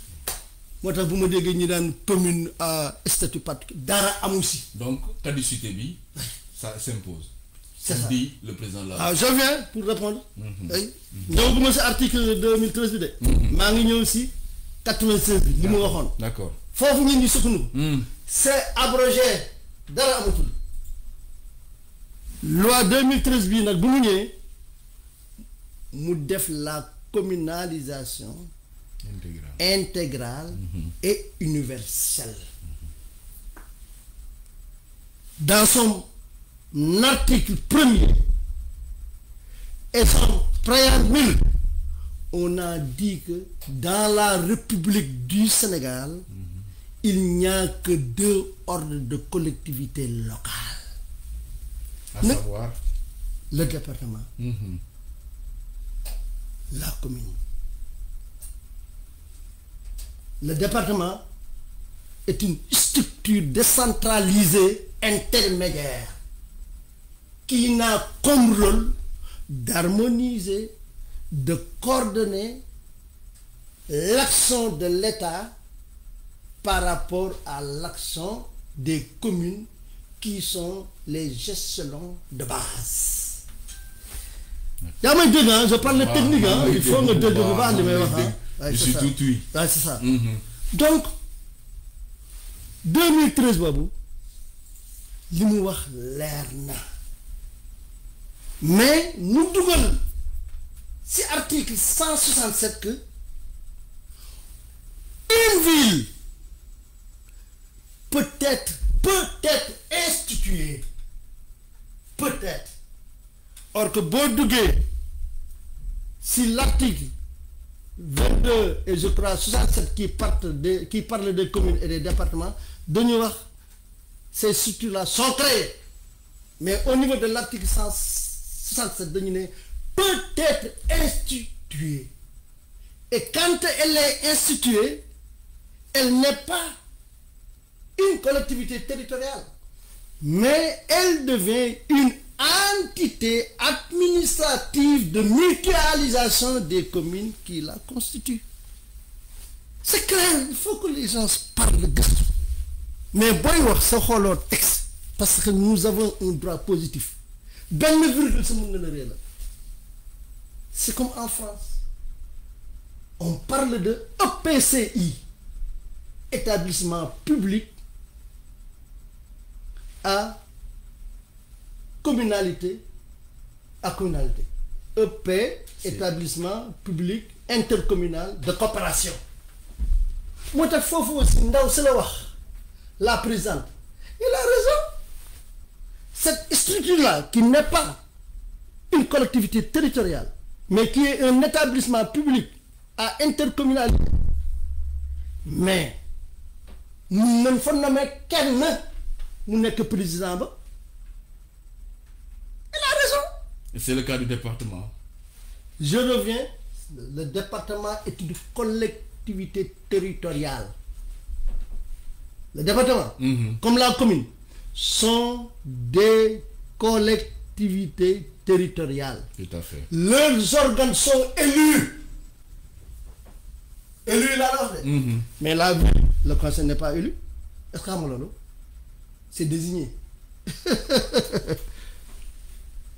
moo tax bu ma déggee ñi daan commune à euh, statut particulier dara amu si. donc caducité bi. ça s'impose. c'est ça dit le président là ah je viens pour répondre. ay mhm. ñëw bu ma si article 2013 bi de. Mhm. maa ngi ñëw si 96 bi. mo waxone d'accord fofu ñun ñu sukkandiku. Mhm. c'est abrogé dara amatul. loi 2013 bi nak bu ñu ñëwee mu def la communalisation. intégrale intégrale mhm. et universelle. Dans son article premier et son préambule, on a dit que dans la République du Sénégal, mhm. il n'y a que deux ordres de collectivité locale. À savoir le département, mhm. la commune le département est une structure décentralisée intermédiaire qui n'a comme rôle d'harmoniser, de coordonner l'action de l'État par rapport à l'action des communes qui sont les gestions de base. Ah, je parle de technique ah, il faut que je vous je suis tout oui. suite. Mhm. Donc, 2013 babou il m'a l'air na mais nous devons c'est article 167 que une ville peut-être peut-être instituée peut-être or que boo si l'article 22 et je crois 67 qui partent de, qui parlent des communes et des départements de c'est ces structures là sont mais au niveau de l'article 167 de peut être instituée et quand elle est instituée elle n'est pas une collectivité territoriale mais elle devient une entité administrative de mutualisation des communes qui la constituent. C'est clair, il faut que les gens parlent de Mais ça wax sa leur texte parce que nous avons un droit positif c'est comme en France on parle de EPCI établissement public à communalité à communalité. EP, établissement public intercommunal de coopération. Moi, la présente. Il a raison. Cette structure-là, qui n'est pas une collectivité territoriale, mais qui est un établissement public à intercommunalité, mais nous ne sommes pas nous n'est que président. C'est le cas du département. Je reviens, le département est une collectivité territoriale. Le département, mhm. comme la commune, sont des collectivités territoriales. Tout à fait. Leurs organes sont élus. Élus là, là. Mhm. Mais là, le conseil n'est pas élu. Est-ce C'est désigné. [laughs]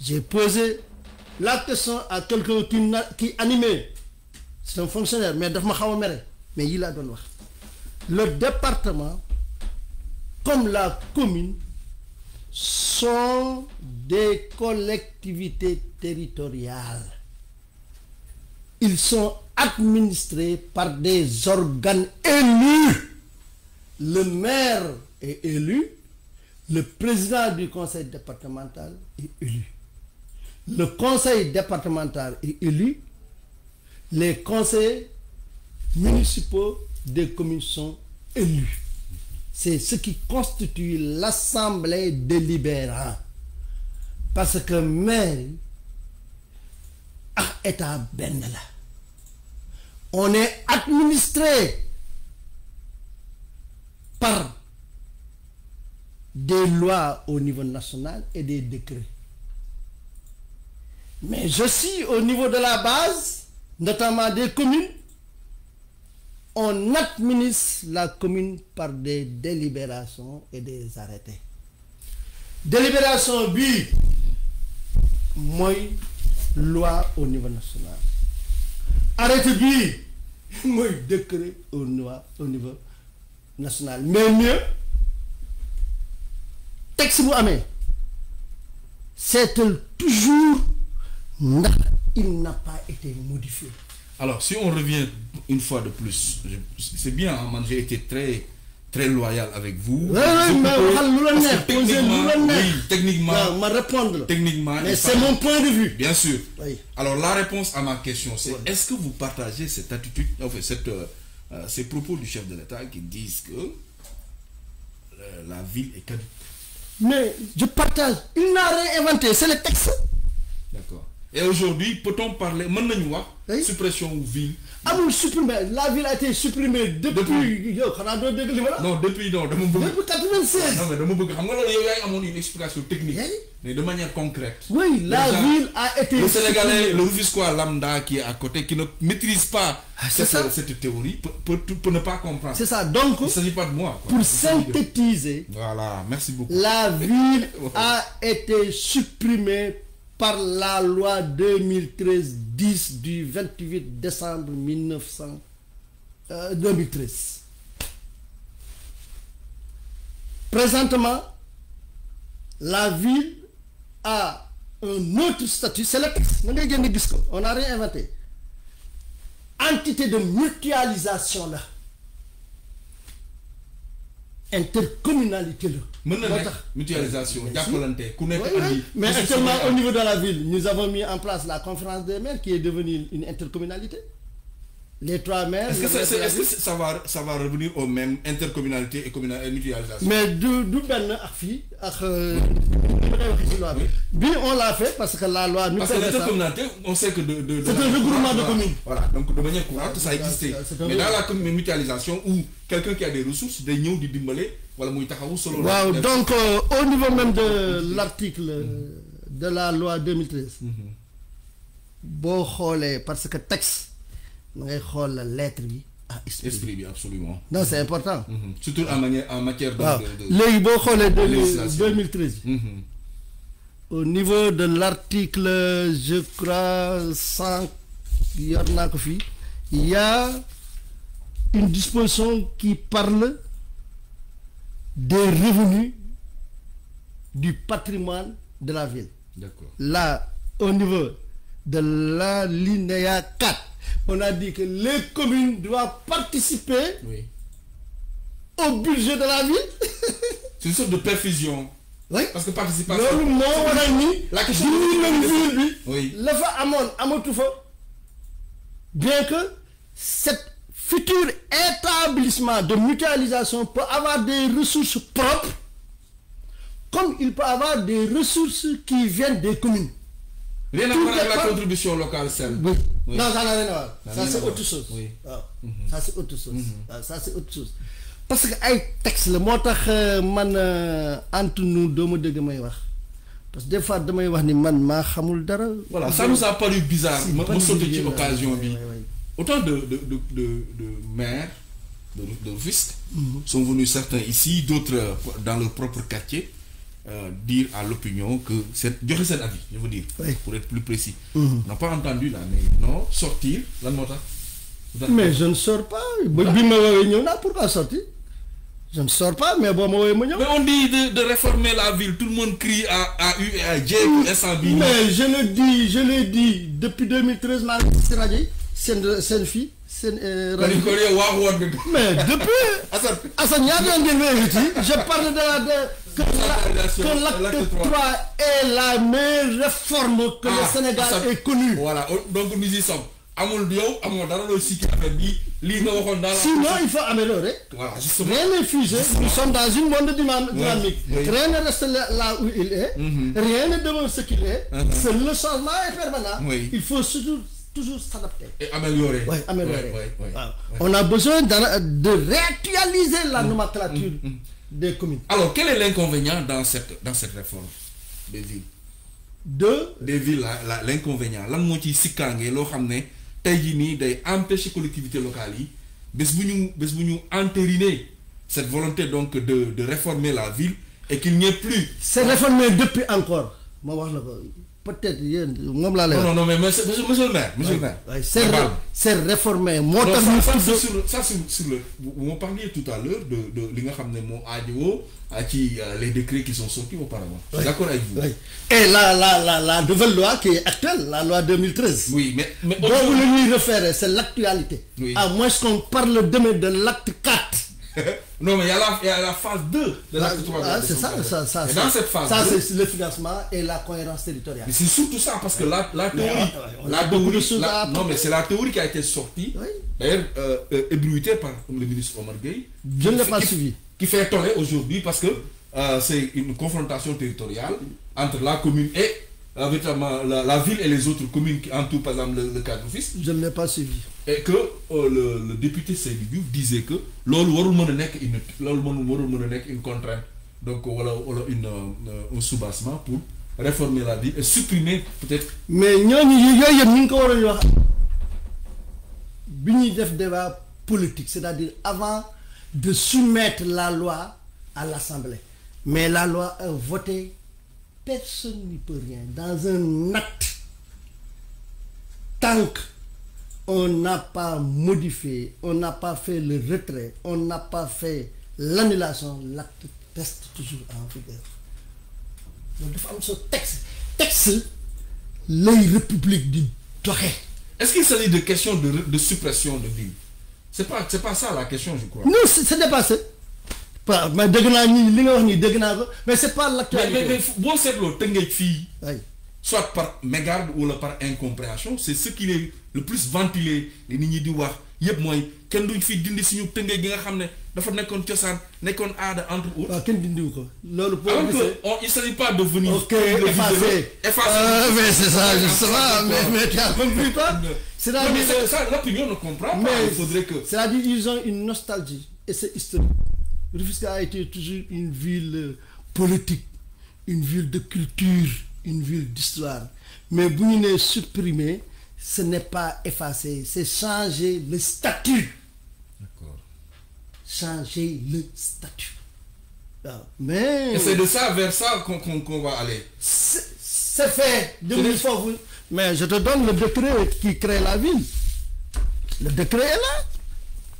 J'ai posé la question à quelqu'un qui, animait. C'est un fonctionnaire, mais mais il a donné. Le département, comme la commune, sont des collectivités territoriales. Ils sont administrés par des organes élus. Le maire est élu, le président du conseil départemental est élu le conseil départemental est élu, les conseils municipaux des communes sont élus. C'est ce qui constitue l'assemblée délibérante. Parce que maire est ah, à On est administré par des lois au niveau national et des décrets. Mais suis au niveau de la base, notamment des communes, on administre la commune par des délibérations et des arrêtés. Délibération B. moi loi au niveau national arrêté vous [laughs] moi décret au niveau national mais mieux texte vous amène. c'est toujours il n'a pas été modifié. Alors, si on revient une fois de plus, c'est bien, hein, j'ai été très, très loyal avec vous. Oui, techniquement, techniquement, mais c'est mon point de vue. Bien sûr. Alors, la réponse à ma question, c'est est-ce que vous partagez cette attitude, enfin, cette, euh, euh, ces propos du chef de l'État qui disent que euh, la ville est caduque Mais je partage. Il n'a rien inventé, c'est le texte. D'accord. Et aujourd'hui, peut-on parler, maintenant, suppression ou ville ah, vous la ville a été supprimée depuis. depuis... Non, depuis, non, de mon Depuis 96. Non, mais de mon Il y a une explication technique, mais de manière concrète. Oui, la ville a été. Le Sénégalais, supprimée. le Viscois lambda qui est à côté, qui ne maîtrise pas ah, cette, ça? cette, théorie, Pour ne pas comprendre. C'est ça, donc. Il pas de moi. Pour synthétiser. Voilà, merci beaucoup. La ville [laughs] a été supprimée par la loi 2013-10 du 28 décembre 1900, 2013. Euh, Présentement, la ville a un autre statut, c'est le on n'a rien inventé. Entité de mutualisation là, intercommunalité là, mutualisation mais actuellement au niveau de la ville nous avons mis en place la conférence des maires qui est devenue une intercommunalité les trois maires. Est-ce que, ça, va, revenir aux mêmes intercommunalités et, mutualisations mutualisation Mais d'où ben afi, Bien, on l'a fait parce que la loi nous Parce que l'intercommunalité, on sait que de, de, c'est un regroupement de communes. Voilà, donc de manière courante, ça existait. Mais dans la mutualisation où quelqu'un qui a des ressources, des nions, du bimbalé, voilà, selon wow, Donc euh, au niveau même de mmh. l'article euh, de la loi 2013, mm -hmm. parce que texte ah, absolument non c'est important. Mm-hmm. surtout en matière. de léegi le 2013 mm-hmm. au niveau de l'article je crois 5 il y a une disposition qui parle des revenus du patrimoine de la ville. D'accord. Là au niveau de la linéa 4 on a dit que les communes doivent participer au budget de la ville. C'est une sorte de perfusion. Oui. Parce que participation. Non, non, on a La question. Ville, Bien que cet futur établissement de mutualisation peut avoir des ressources propres, comme il peut avoir des ressources qui viennent des communes. Rien à voir avec la contribution locale, celle oui. Non, ça n'a rien à voir. Ça, c'est autre chose. Oui. Ça, c'est autre chose. Ça, c'est autre chose. Parce que les textes, le mot que entre nous, deux mots de Gamaïwa. Parce que des fois, damay wax ni man ma xamul dara. Voilà, ça nous a paru bizarre. ma ma sauté ci occasion bi. Autant de, de, de, de, de mères, de, de fisc, mhm. sont venus certains ici, d'autres euh, dans leur propre quartier. Euh, dire à l'opinion que c'est cet avis, je veux dire, pour être plus précis. Mhm. On n'a pas entendu là, mais non, sortir, la mota. Mais je ne sors pas. Pourquoi sortir je ne sors pas, mais bon, moi, Mais on dit de, réformer la ville, tout le monde crie à, à U et à Mais je le dis, je le dis, depuis 2013, ma c'est une fille. Euh, mais depuis, [laughs] je parle de la, de, que l'acte est la meilleure réforme que le ah, Sénégal ait connue. Voilà, donc nous y sommes. mon bio, à dara looy aussi qui a fait l'île au rondala. sinon il faut améliorer. voilà rien n'est figé. nous sommes dans une monde dynamique. rien ne reste là où il est. Mhm. rien ne demeure ce qu'il est. Mhm. c'est le changement est permanent. il faut surtout toujours s'adapter. Et améliorer. Oui, améliorer. On a besoin de, de réactualiser la mhm. nomenclature. Alors, quel est l'inconvénient dans cette, réforme des villes Deux. des villes l'inconvénient lan moitié si sikkaange loo les collectivités locales de cette volonté donc de réformer la ville et qu'il n'y ait plus. c'est réformé depuis encore peut-être non non mais monsieur monsieur maire. monsieur c'est réformé moo ça sur le vous parliez tout à l'heure de de li nga xam euh, les décrets qui sont sortis auparavant. d'accord avec vous. et la la la la nouvelle loi qui est actuelle la loi 2013. oui mais mais vous lui lui référer c'est l'actualité. à moins qu'on parle demain de l'acte 4. [laughs] non, mais il y, a la, phase 2 de la ah, ah, C'est ça, ça, ça cette phase c'est le financement et la cohérence territoriale. Mais c'est surtout ça, parce que la, la théorie, mais, euh, la non, mais c'est la théorie qui a été sortie, oui. Euh, euh, par le ministre Omar Je ne l'ai pas suivi. Qui fait tourner aujourd'hui parce que c'est une confrontation territoriale entre la commune et euh, la, ville et les autres communes qui entourent, par exemple, le, cadre office. Je ne l'ai pas suivi. Et que euh, le, député Sédigou disait que est une contrainte, donc voilà, euh, une, un soubassement pour réformer la ville et supprimer peut-être. Mais nous, un débat politique, c'est-à-dire avant de soumettre la loi à l'Assemblée. Mais la loi est votée personne n'y peut rien. Dans un acte, tant qu'on n'a pas modifié, on n'a pas fait le retrait, on n'a pas fait l'annulation, l'acte reste toujours en vigueur. Donc, les femmes ce texte texte les république du droit. est-ce qu'il s'agit de questions de suppression de vie c'est pas c'est pas ça la question je crois. non pas ça mais dëgg naa ñii li nga wax nii dëgg naa ko mais c'est pas l'actualité mais boo seetloo Tëngéej fii. soit par mégarde wala par incompréhension c'est ce qui est le plus ventilé li nit ñi di wax yëpp mooy kenn duñ fi dindi suñu Tëngéej gi nga xam ne dafa nekkoon cosaan nekkoon aada entre autres. waaw kenn dindiwu ko. loolu pour on il s'agit pas de venir. ok effacer effacer ah, mais c'est ça justement mais mais tu as compris pas. c'est-à-dire ça l'opinion ne comprend pas. il faudrait que. c'est-à-dire ils ont une nostalgie et c'est historique. Rufuska a été toujours une ville euh, politique, une ville de culture, une ville d'histoire. Mais vous est supprimé, ce n'est pas effacé, c'est changer le statut. D'accord. Changer le statut. mais... Et c'est de ça vers ça qu'on va aller. C'est fait. Mais je te donne le décret qui crée la ville. Le décret est là.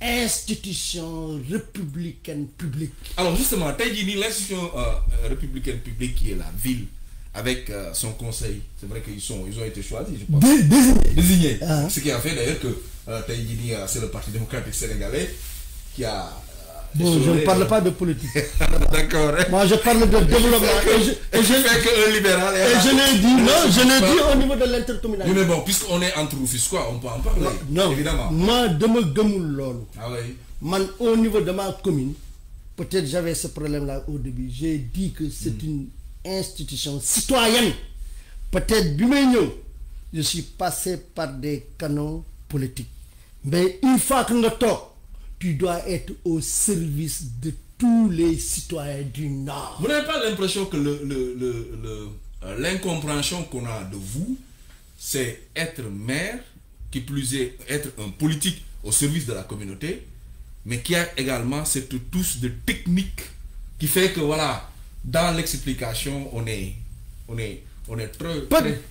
institution républicaine publique. Alors justement, Taïdini, l'institution euh, euh, républicaine publique qui est la ville, avec euh, son conseil, c'est vrai qu'ils sont, ils ont été choisis, je pense. Désignés. Désignés. Ah. Ce qui a fait d'ailleurs que euh, c'est le Parti démocratique sénégalais qui a Bon, je ne parle pas de politique. [laughs] D'accord. Moi, je parle de développement. Et je, ne fais que un libéral. Et, je l'ai dit, non, je l'ai dit au niveau de l'intercommunalité. mais bon, puisqu'on est entre vous, quoi, on peut en parler. Non, évidemment. Moi, de me Ah au niveau de ma commune, peut-être j'avais ce problème-là au début. J'ai dit que c'est hmm. une institution citoyenne. Peut-être, Bimenyo, je suis passé par des canons politiques. Mais une fois que nous tu dois être au service de tous les citoyens du Nord. Vous n'avez pas l'impression que euh, l'incompréhension qu'on a de vous, c'est être maire, qui plus est être un politique au service de la communauté, mais qui a également cette touche de technique qui fait que voilà, dans l'explication, on est, on est, on est très...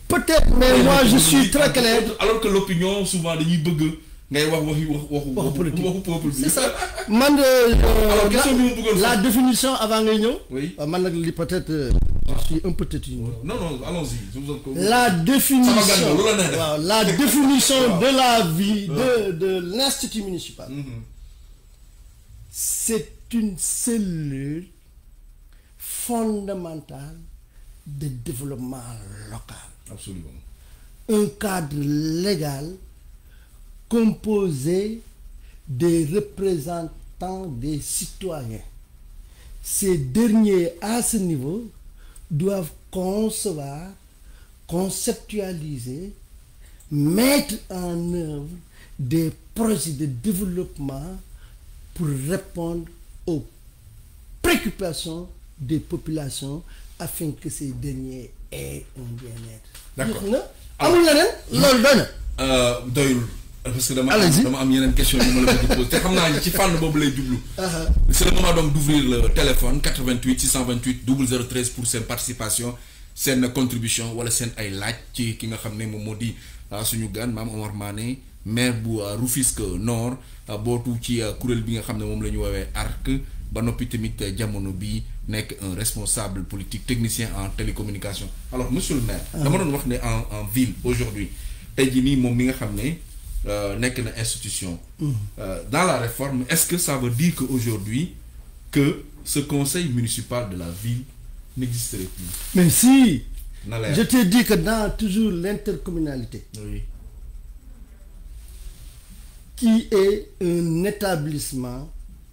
Peut-être, mais moi je suis très clair. Alors que l'opinion, souvent, de bug ngay c'est ça [laughs] euh, la définition avant ngay oui euh, man peut-être. Euh, je suis un peu têtu. non non allons-y. la définition la [laughs] définition de la vie. de de l'institut municipal. Mm-hmm. c'est une cellule fondamentale de développement local. absolument. un cadre légal composé des représentants des citoyens. Ces derniers, à ce niveau, doivent concevoir, conceptualiser, mettre en œuvre des projets de développement pour répondre aux préoccupations des populations afin que ces derniers aient un bien-être. D'accord. Ah, parce que dama dama am yenen question yu ma la bëgg posé te xam naa ci fànn bobu lay jublu. Uh-huh. c'est le moment donc d'ouvrir le téléphone 88 628 0013 pour cette participation cette contribution wala sen ay laaj ci ki nga xamné ne modi ah, suñu gan mam Omar Mané maire bu ah, Rufisque Nord bootu ci kuréel bi nga xamné mom lañu la ARC ba nopi tamit jamono bi nek un responsable politique technicien en télécommunication alors monsieur le maire. Uh-huh. dama don wax né en en ville aujourd'hui tey jii nii moom mi nga xamné euh, n'est qu'une institution. Mm-hmm. Euh, dans la réforme est-ce que ça veut dire qu'aujourd'hui que ce conseil municipal de la ville n'existerait plus. mais si. je te dis que dans toujours l'intercommunalité. qui est un établissement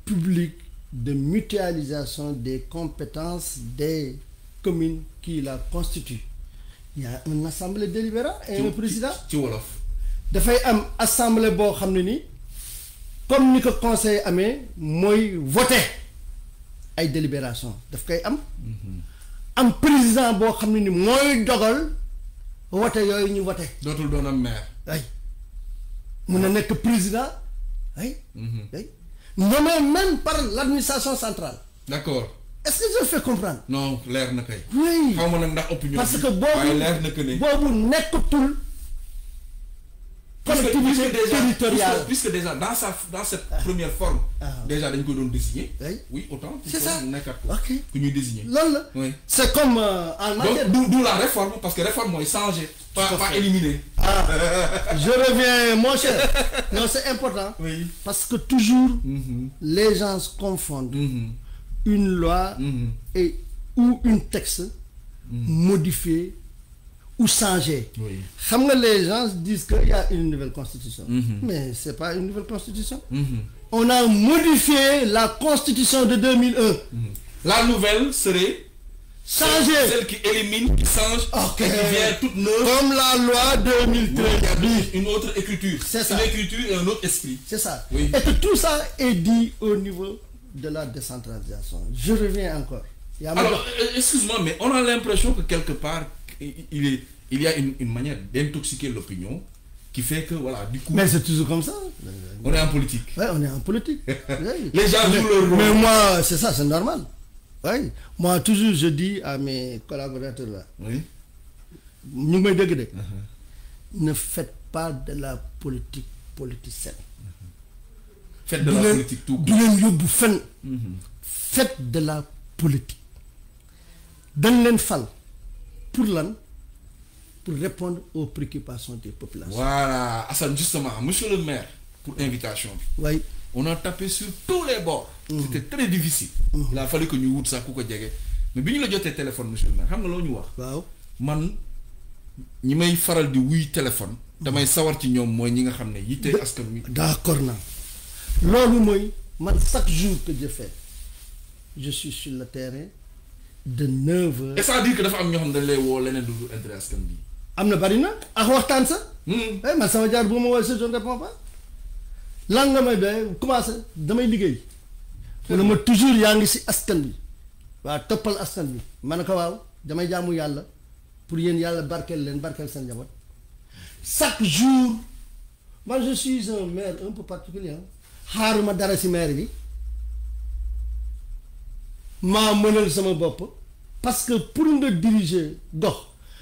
public de mutualisation des compétences des communes qui la constituent. Il y a une assemblée délibérante et un président. Il am assemblée boo comme ni conseil amee mooy voté ay délibération daf am mhm. am président boo xam ni dogal ñu maire même par l'administration centrale d'accord est-ce que je fais comprendre non leer na kay xaw ma ndax opinion parce que puisque déjà dans sa dans cette première forme. Ah. déjà nous gens ont désigner. oui autant. c'est ça ok désigner. C'est comme euh, en matière. d'où la réforme parce que réforme forme changer. pas pas éliminer. Ah. [laughs] je reviens mon cher non c'est important. oui parce que toujours. Mm-hmm. les gens se confondent. Mm-hmm. une loi. Mm-hmm. et ou un texte. modifié changer. Oui. Les gens disent qu'il y a une nouvelle constitution. Mhm. Mais c'est pas une nouvelle constitution. Mhm. On a modifié la constitution de 2001. Mhm. La nouvelle serait changer. Celle qui élimine, change, toute neuve. Comme la loi 2013. une autre écriture. C'est ça. Une écriture et un autre esprit. C'est ça. Oui. Et que tout ça est dit au niveau de la décentralisation. Je reviens encore. Alors, euh, excuse-moi, mais on a l'impression que quelque part, il est il y a une, manière d'intoxiquer l'opinion qui fait que, voilà, du coup. Mais c'est toujours comme ça. On est en politique. Oui, on est en politique. [laughs] Les gens jouent le rôle. Mais moi, c'est ça, c'est normal. Moi, toujours, je dis à mes collaborateurs là. Oui. Uh-huh. Ne faites pas de la politique politicienne. Uh-huh. Uh-huh. Faites de la politique tout Faites de la politique. Dans le pour l'homme, pour répondre aux préoccupations des populations. Voilà, Hassan, justement, monsieur le maire, pour invitation. Oui. On a tapé sur tous les bords. Mm. C'était très difficile. Mm. Il a fallu que nous ouvrions ça pour Mais bien, il a le téléphone, monsieur le maire. Vous savez ce que wow. Man, ñi may faral di wuy téléphone. damay sawar ci ñoom mooy ñi nga xam ne yitte D'accord. wi. d' D'accord. naa man chaque jour que je fais je suis sur le terrain de 9h. et ça veut dire que dafa am ñoo xam ne dañ lay woo leneen du intérêt askan bi. am na bari na ak waxtaan sa. Hmm. Eh, man sama jaar bu ma woowee sa zone de lan la may be commencé damay liggéey. mu ne ma toujours yaa ngi si askan bi waa toppal askan bi ma ne ko waaw damay jàmm yàlla pour yéen yàlla barkeel leen barkeel seen njaboot chaque jour man je suis un maire un ah. dara si maire bi maa mënal sama bopp parce que pour nga diriger dox.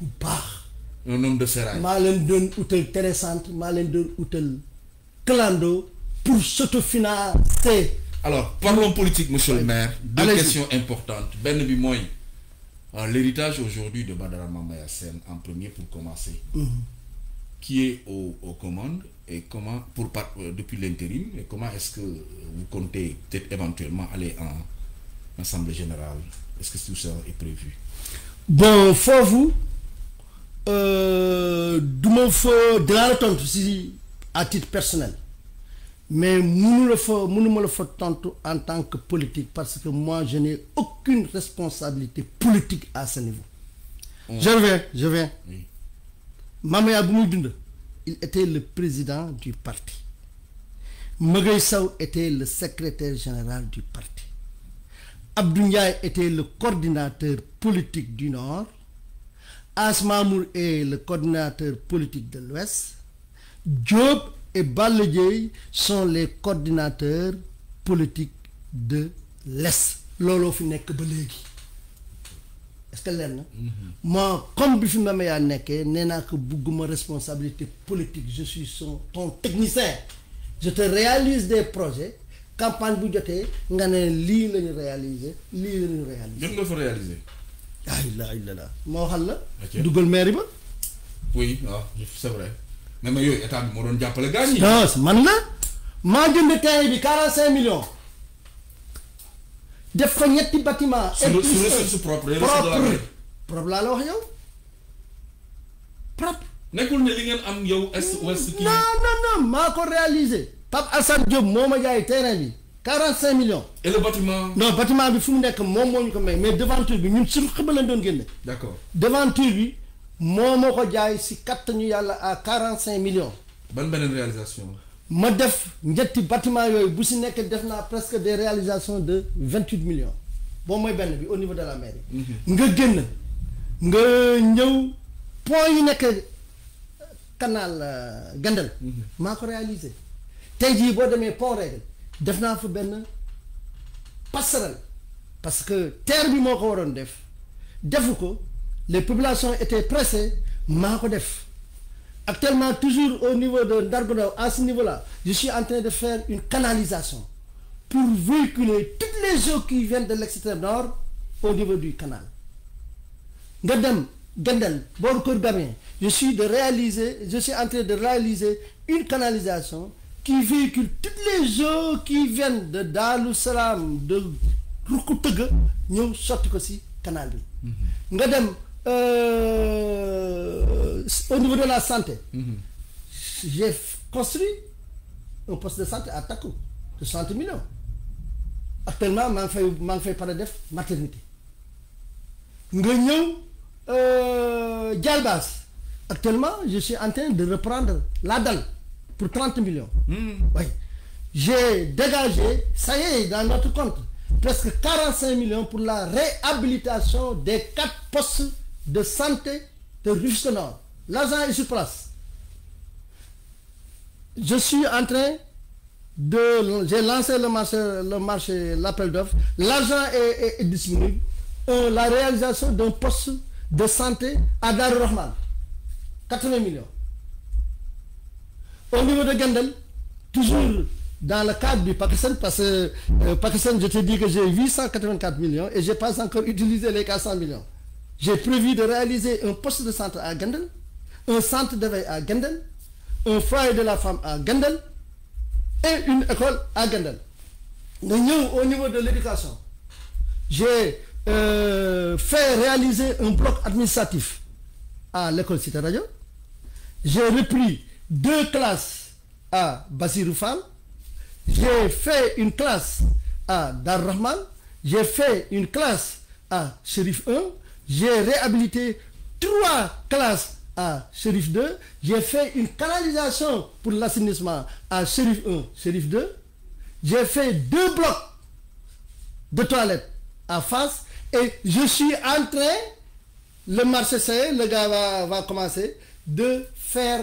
ou pas un homme de serraille maa leen une intéressante, malin clando pour financer alors parlons politique monsieur le maire. deux questions importantes Ben l'héritage aujourd'hui de Badara Mamaya en premier pour commencer. Mm-hmm. qui est aux, commandes et comment pour euh, depuis l'intérim et comment est-ce que vous comptez peut-être éventuellement aller en assemblée générale est-ce que tout ça est prévu. bon faut vous euh, du la si à titre personnel mais nous ne le nous le en tant que politique parce que moi je n'ai aucune responsabilité politique à ce niveau. Mm. je reviens je vais Mamaya il était le président du parti Sow était le secrétaire général du parti Abdou était le coordinateur politique du Nord. Asma Asmamour est le coordinateur politique de l'Ouest. Job et Baledjei sont les coordinateurs politiques de l'Est. Lolo fi nek Est-ce que l'en mhm. Moi comme bi fi mama ya que ma responsabilité politique, je suis son ton technicien. Je te réalise des projets campagne budgétaire, joté nga réalisé, li as réaliser, li lañu réaliser. réaliser laa ilaaha illallaah ma waxal la. dugal mairie ba. oui waaw c'est vrai. yooyu état bi moo doon jàppale gaañ ñi. non man la maa jënd terrain bi 45 millions. def fa ñetti bâtiment. et puis sur propre. propre laa la wax yow. propre. nekkul ne li ngeen am yow. est west kii non non maa ko réalisé. Pape Assane Diop moo ma jaay terrain bi. 45 millions. et le bâtiment. non bâtiment bi fu mu nekk moom moo ñu ko may mais devanture bi ñun suñu xëba lañ doon d'accord Devant bi moo moo ko jaay si kattanu yàlla à 45 millions. Bonne beneen réalisation. ma def njëtti bâtiment yooyu bu si nekk def presque des réalisations de 28 millions Bon, mooy ben, bi au niveau de la mairie. Mhm. nga suis nga ñëw point yu nekk canal euh, Gendel. Mhm. maa ko réalisé Je jii boo demee pont Régal def fa passerelle parce que terre bi moo ko les populations étaient pressées actuellement toujours au niveau de Ndargonaw à ce niveau là je suis en train de faire une canalisation pour véhiculer toutes les eaux qui viennent de l'extrême nord au niveau du canal je suis en train de réaliser une canalisation qui véhicule toutes les gens qui viennent de Dalou Salam de Rukutëgg nous sortons aussi si canal Madame, mhm. euh, au niveau de la santé. Mhm. j'ai construit un poste de santé à Takou de santé millions actuellement je fait man fait par de def maternité Nous euh, actuellement je suis en train de reprendre la dalle pour 30 millions. Oui. J'ai dégagé, ça y est, dans notre compte, presque 45 millions pour la réhabilitation des quatre postes de santé de Rive Nord. L'argent est sur place. Je suis en train de... J'ai lancé le marché, le marché l'appel d'offres. L'argent est, disponible. pour euh, la réalisation d'un poste de santé à Dar Rahman. 80 millions. Au niveau de Gandal, toujours dans le cadre du Pakistan, parce que euh, Pakistan, je te dis que j'ai 884 millions et je n'ai pas encore utilisé les 400 millions. J'ai prévu de réaliser un poste de centre à Gandal, un centre de à Gandal, un foyer de la femme à Gandal, et une école à mais Nous, au niveau de l'éducation, j'ai euh, fait réaliser un bloc administratif à l'école Cité Radio. J'ai repris deux classes à Basiroufal, j'ai fait une classe à Dar Rahman, j'ai fait une classe à Shérif 1, j'ai réhabilité trois classes à Shérif 2, j'ai fait une canalisation pour l'assainissement à Shérif 1, Shérif 2, j'ai fait deux blocs de toilettes à face et je suis en train, le marché, le gars va, va commencer, de faire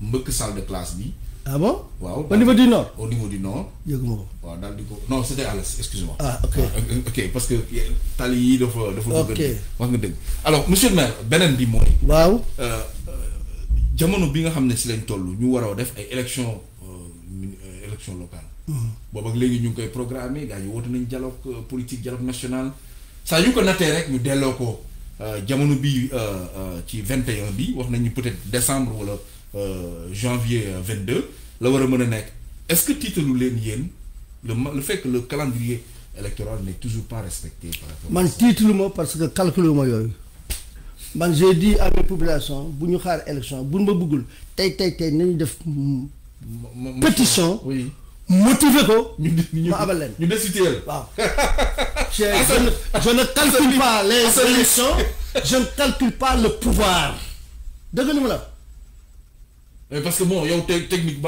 mbëkk salle de classe bi. ah bon waaw au niveau du nord. au niveau du nord. yëguma ko waaw daal di ko non c' était à l' est excuse moi. ah ok ah, euh, euh, ok parce que tali yii dafa dafa. ok wax nga dëgg. alors monsieur le maire beneen bi mooy. waaw. Euh, jamono bi nga xam ne si lañ toll ñu war a def ay élections élections locales. Mm-hmm. boobu ak léegi ñu ngi koy programmer gars yi woote nañ dialogue politique dialogue national saa yu ko nattee rek ñu delloo ko jamono bi ci 21 bi wax nañu peut-être décembre wala. Euh, janvier 22 euh, la est-ce que titre leen les le le fait que le calendrier électoral n'est toujours pas respecté par man parce que calcul man j'ai dit à mes populations bu ñu xaar élection bu ma bëggul tay tay tay def pétition motivé ko ñu [laughs] je ne calcule pas les élections je ne calcule pas le pouvoir de parce que bon il y a une technique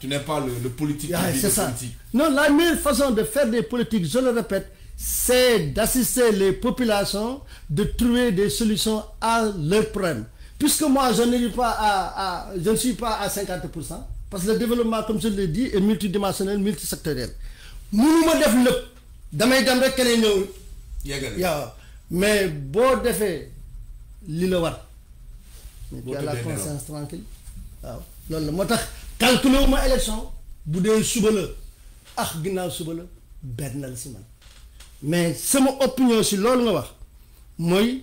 tu n'es pas le politique. c'est ça non la meilleure façon de faire des politiques je le répète c'est d'assister les populations de trouver des solutions à leurs problèmes puisque moi je ne pas à, je ne suis pas à 50% parce que le développement comme je l'ai dit est multidimensionnel multisectoriel Nous, mais bon défait, li mais tu as la conscience tranquille waaw loolu la moo tax calculé wu ma élection bu dee suba la ah ginnaaw suba la benn la si mais sama opinion sur loolu nga wax mooy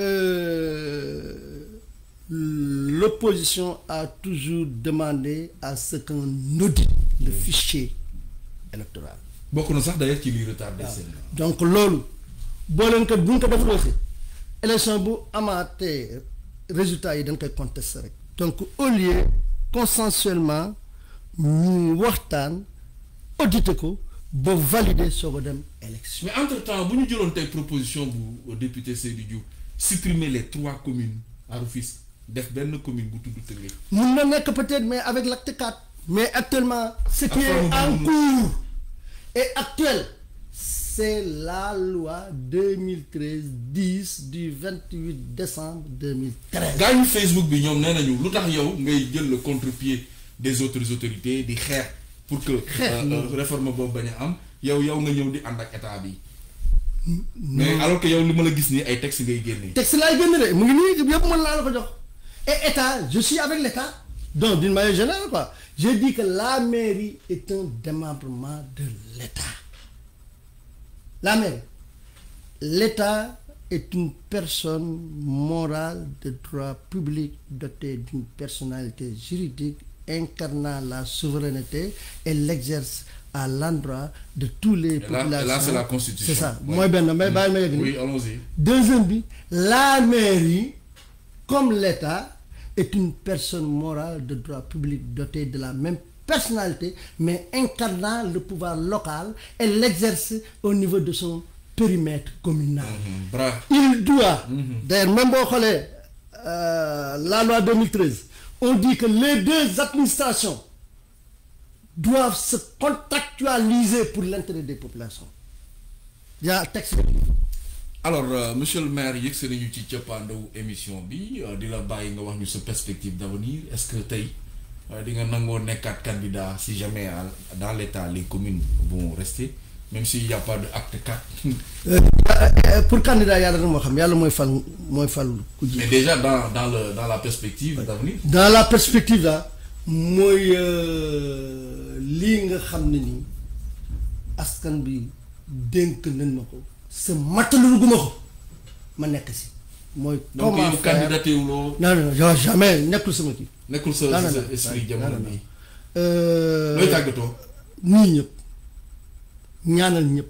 euh, l'opposition a toujours demandé à ce qu'on audite le fichier électoral. Beaucoup na sax d'ailleurs ci lui retardé Donc, donc loolu boo leen ko bu l'élection, ko def bu amaatee résultat est donc contesté. donc au lieu consensuellement ñu waxtaan auditer ko valider ce élection. mais entre temps bu ñu jëloon tey proposition au député Seydou supprimer les trois communes à dans def communes, commune bu tudd Tëngéej. mun na peut-être mais avec l'acte 4 mais actuellement. ce qui est en cours et actuel. C'est la loi 2013-10 du 28 décembre 2013. Gagne Facebook, nous avons le contre-pied des autres autorités, des chers, pour que la euh, euh, réforme soit am yow yow nga ñëw di ànd ak état bi. mais alors que yow a un la gis est ay ngay texte là, il de mu ngi nii yëpp mën naa la et état je suis avec l'État donc d'une manière générale quoi je dis que la mairie est un démembrement de l'État. La mairie. l'État est une personne morale de droit public dotée d'une personnalité juridique incarnant la souveraineté et l'exerce à l'endroit de tous les populations. Là, c'est la Constitution. C'est ça. Moi, ben, oui, allons-y. Deuxième la mairie, comme l'État, est une personne morale de droit public dotée de la même personnalité, mais incarnant le pouvoir local et l'exercer au niveau de son périmètre communal. Mhm, il doit, mhm. d'ailleurs, même au euh, la loi 2013, on dit que les deux administrations doivent se contractualiser pour l'intérêt des populations. Il y a un texte. alors euh, monsieur le maire il y a une émission bi euh, de la perspective d'avenir est-ce que as? Euh, di nga nangoo nekkaat candidat si jamais euh, dans l'état les communes vont rester même s'il y a pas de acte quatre. Euh, pour candidat yàlla na moo xam yàlla mooy fal mooy fal mais déjà dans dans le dans la perspective d'avenir. dans la perspective là mooy lii nga xam ne nii askan bi dénk nañ ma ko. sa matalul gu ma ko ma nekk si. Donc il donc yow candidaté candidat non non non jamais nekkul sama kii. nekkul esprit ñaanal nous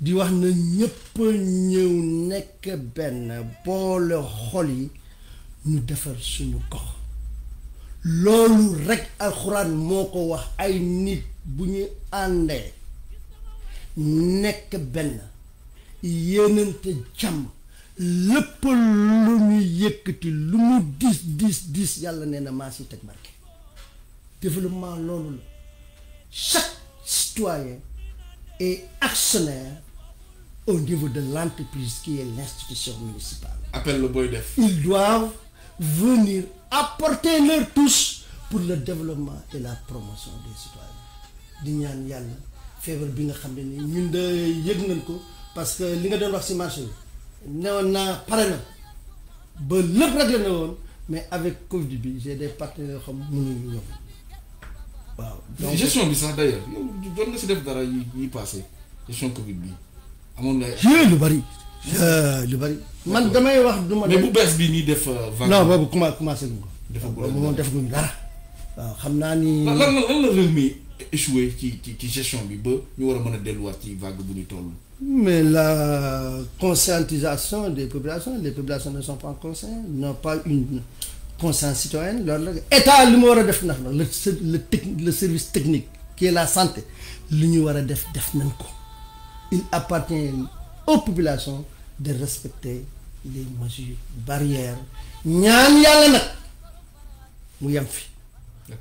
di wax na ñëpp ñëw nekk benn boole xol ñu defar suñu gox loolu rek alxuraan moo wax ay nit le premier que yëkkati lu 10 10 10 yalla yàlla ma ci tek barké développement loolu chaque citoyen est actionnaire au niveau de l'entreprise qui est l'institution municipale. Appelle le boy def. Ils doivent venir apporter leur touche pour le développement et la promotion des citoyens di ñaan yàlla feebar bi nga xamné ni ñun de yegg nañ ko parce que li nga doon wax ci marché non naa ba mais avec Covid bi j'ai des partenaires yoo waaw. gestion d'ailleurs yow doon nga si def dara yi yi passé gestion Covid bi amoon le bari. lu bari man damay wax. du mais bu bees bi nii def. Euh, non boobu suis commencé nañ ko. suis le waaw xam ni. lan le lan la gestion bi ba ci vague mais la conscientisation des populations, les populations ne sont pas conscientes, n'ont pas une conscience citoyenne. L'État, le, le, service technique, qui est la santé, Il appartient aux populations de respecter les mesures barrières.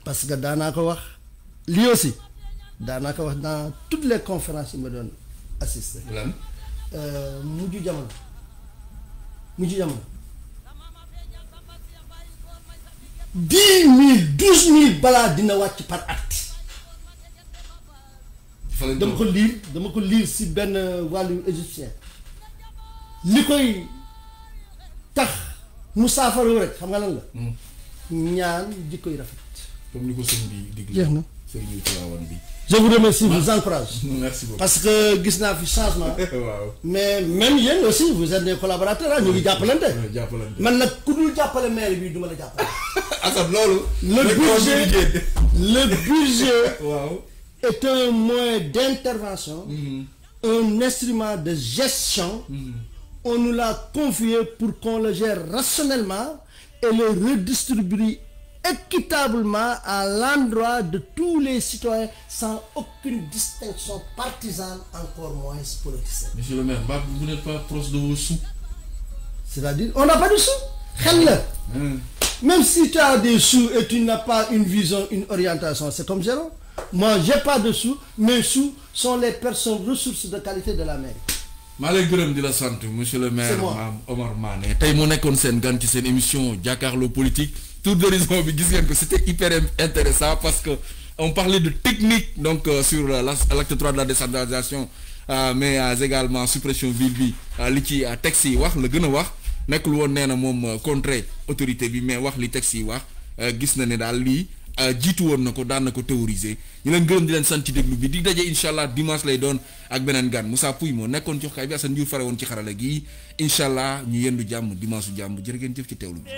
Parce que dans aussi, dans toutes les conférences, il me donne. assisté. lan euh, mujj jamono mujj jamono dix mille balaa dina wàcc par at. dama ko liir dama ko liir si benn wàllu égyptien li koy tax mu rek xam nga lan la. li hmm. jikkoy rafet. jeex na. je vous remercie, vous encourage. [laughs] Merci Parce que Gisna fait changement. [laughs] Mais même Yen aussi, vous êtes des collaborateurs. Ah, nous [laughs] le budget, le budget est un moyen d'intervention, mhm. un instrument de gestion. Mhm. On nous l'a confié pour qu'on le gère rationnellement et le redistribue équitablement à l'endroit de tous les citoyens sans aucune distinction partisane, encore moins politique. Monsieur le maire, vous n'êtes pas proche de vos sous C'est-à-dire, on n'a pas de sous hein. Même si tu as des sous et tu n'as pas une vision, une orientation, c'est comme zéro. Moi, j'ai pas de sous, mes sous sont les personnes ressources de qualité de la mairie. Malgré le la santé, monsieur le maire Omar Manet et mon émission jacarlo politique tour d'horizon bi gis ngeen ko c'était hyper intéressant parce que on parlait de technique donc euh, sur euh, l'acte 3 de la décentralisation euh, mais euh, également suppression ville bi euh, li ci texte taxi wax le gën wax nekkul woon nee na autorité bi mais wax li texte yi wax gis na ne daal lii jiitu woon na ko daan na ko théoriser ñu leen gërëm di leen sant ci déglu bi di daje incha dimanche lay donne ak beneen gan Moussa Pouy moo nekkoon ci waxkaay bi Assane Diouf fare woon ci xarala gi incha ñu yendu dimanche su jàmm jërë ngeen jëf ci teewlu bi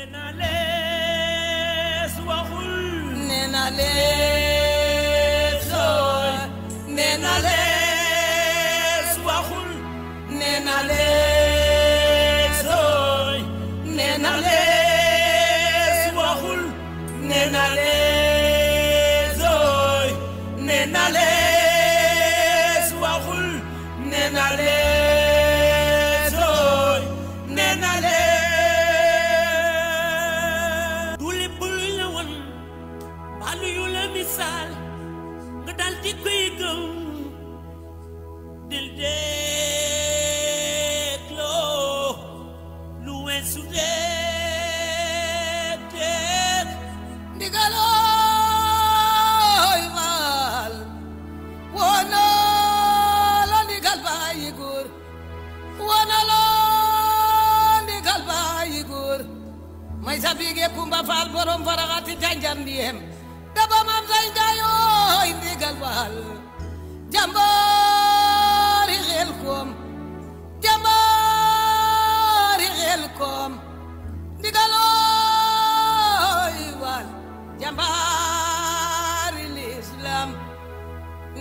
waxul ne na lees también te vamos a dar hoy de galval jambor islam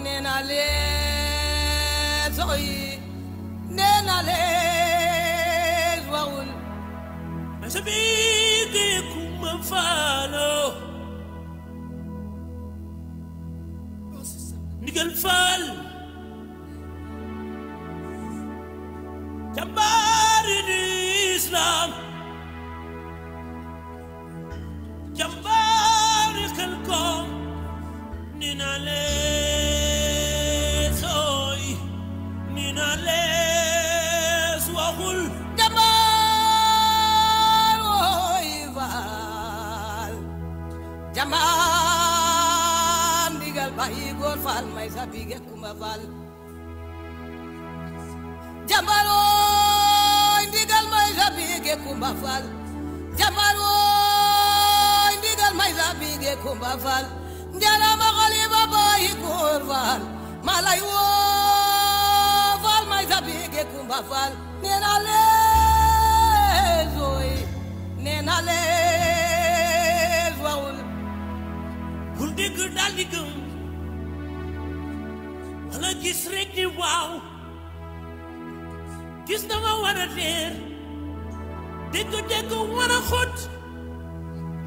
nena le soy nena le Sabi que cumam faz. Diouguène Fall Bige Kumba Fall jambarooy ndigal may sa Bige Kumba Fall jambarooy ndigal may sa Bige Kumba Fall njalama xalifa baayi góor Fall ma lay woo Fall may sa Bige Kumba Fall nee lees ooy nee na lees wawul ku ndigg dal di gëm la gis rek ni waaw gis na ma war a leer dégg dégg war a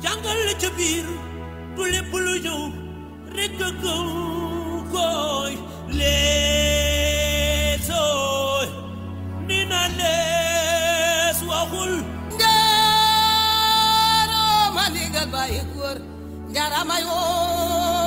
la ca biir du lu ñëw rek nga gëw koy leesooy ni na lees waxul njaaroo ma ni nga bàyyi góor njaara ma yoo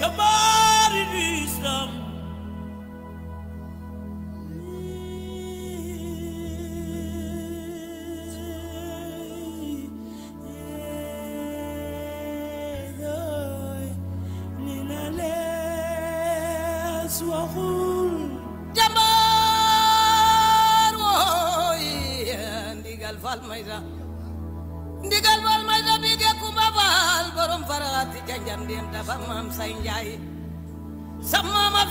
Come on, needs some. fa maam say njaay sa Bamba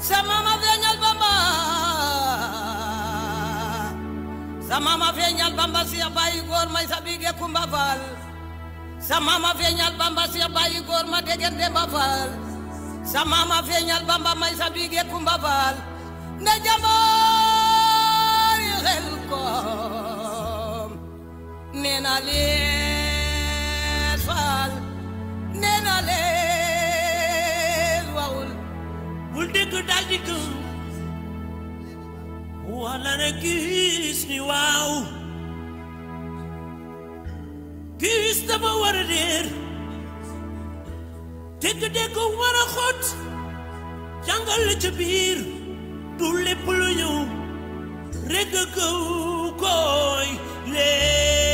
sa maama feeñal Bamba sa maama feeñal Bamba si bàyyi sa bige Kumba Faal sa Bamba si bàyyi góor ma degen Demba Faal sa maama feeñal Bamba may sa bige Kumba Faal nda jamaari xel koom nee na leen faal nee naa leen waawul bul dégg daal di wala na gis ni waaw gis dama war a dégg-dégg war a jàngal la ca biir du lépp lu ñëw gëw koy lee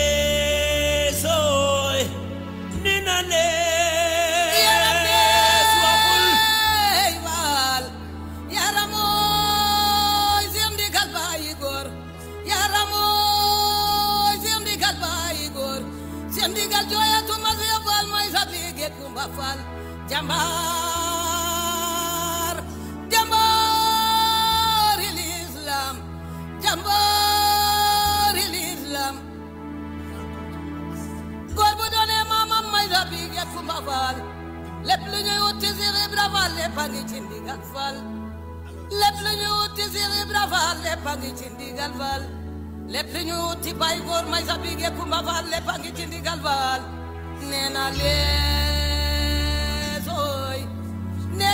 Jafal Jambar Jambar il Islam Jambar il Islam Gor bu doonee mama may rabi yet fu ma faal lépp lu ñuy wut ci Seex Ibra Faal lépp a ngi ci ndigal faal lépp lu ñuy wut ci Seex lépp ngi ci ndigal faal lépp lu ñuy wut bay góor may rabi yet fu ma lépp ngi ci ndigal faal nee na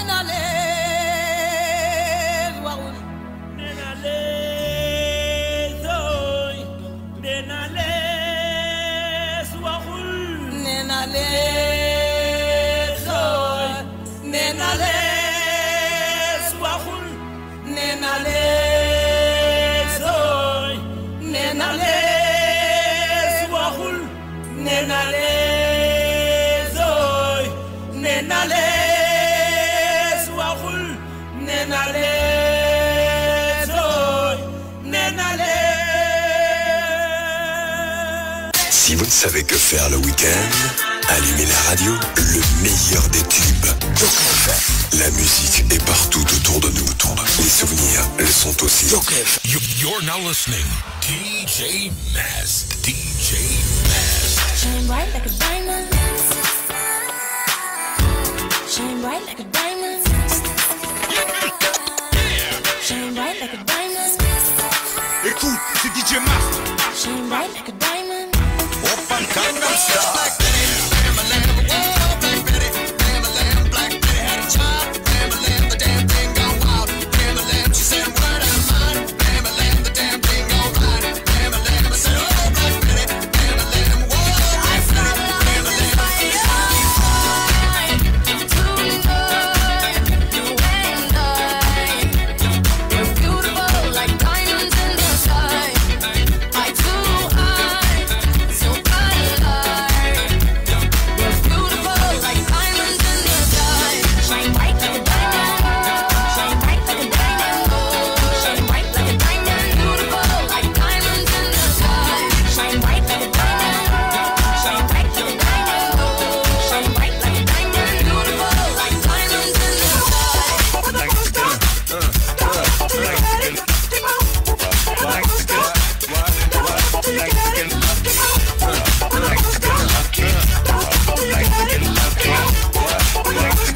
Enale. savez que faire le week-end Allumez la radio, le meilleur des tubes. La musique est partout autour de nous. Les souvenirs le sont aussi. You're now listening. DJ Mask DJ Mask Shine bright like a diamond. Shine bright like a diamond. Shine bright like a diamond. Écoute, c'est DJ Mask Shine bright like a diamond. up Gangnam Style.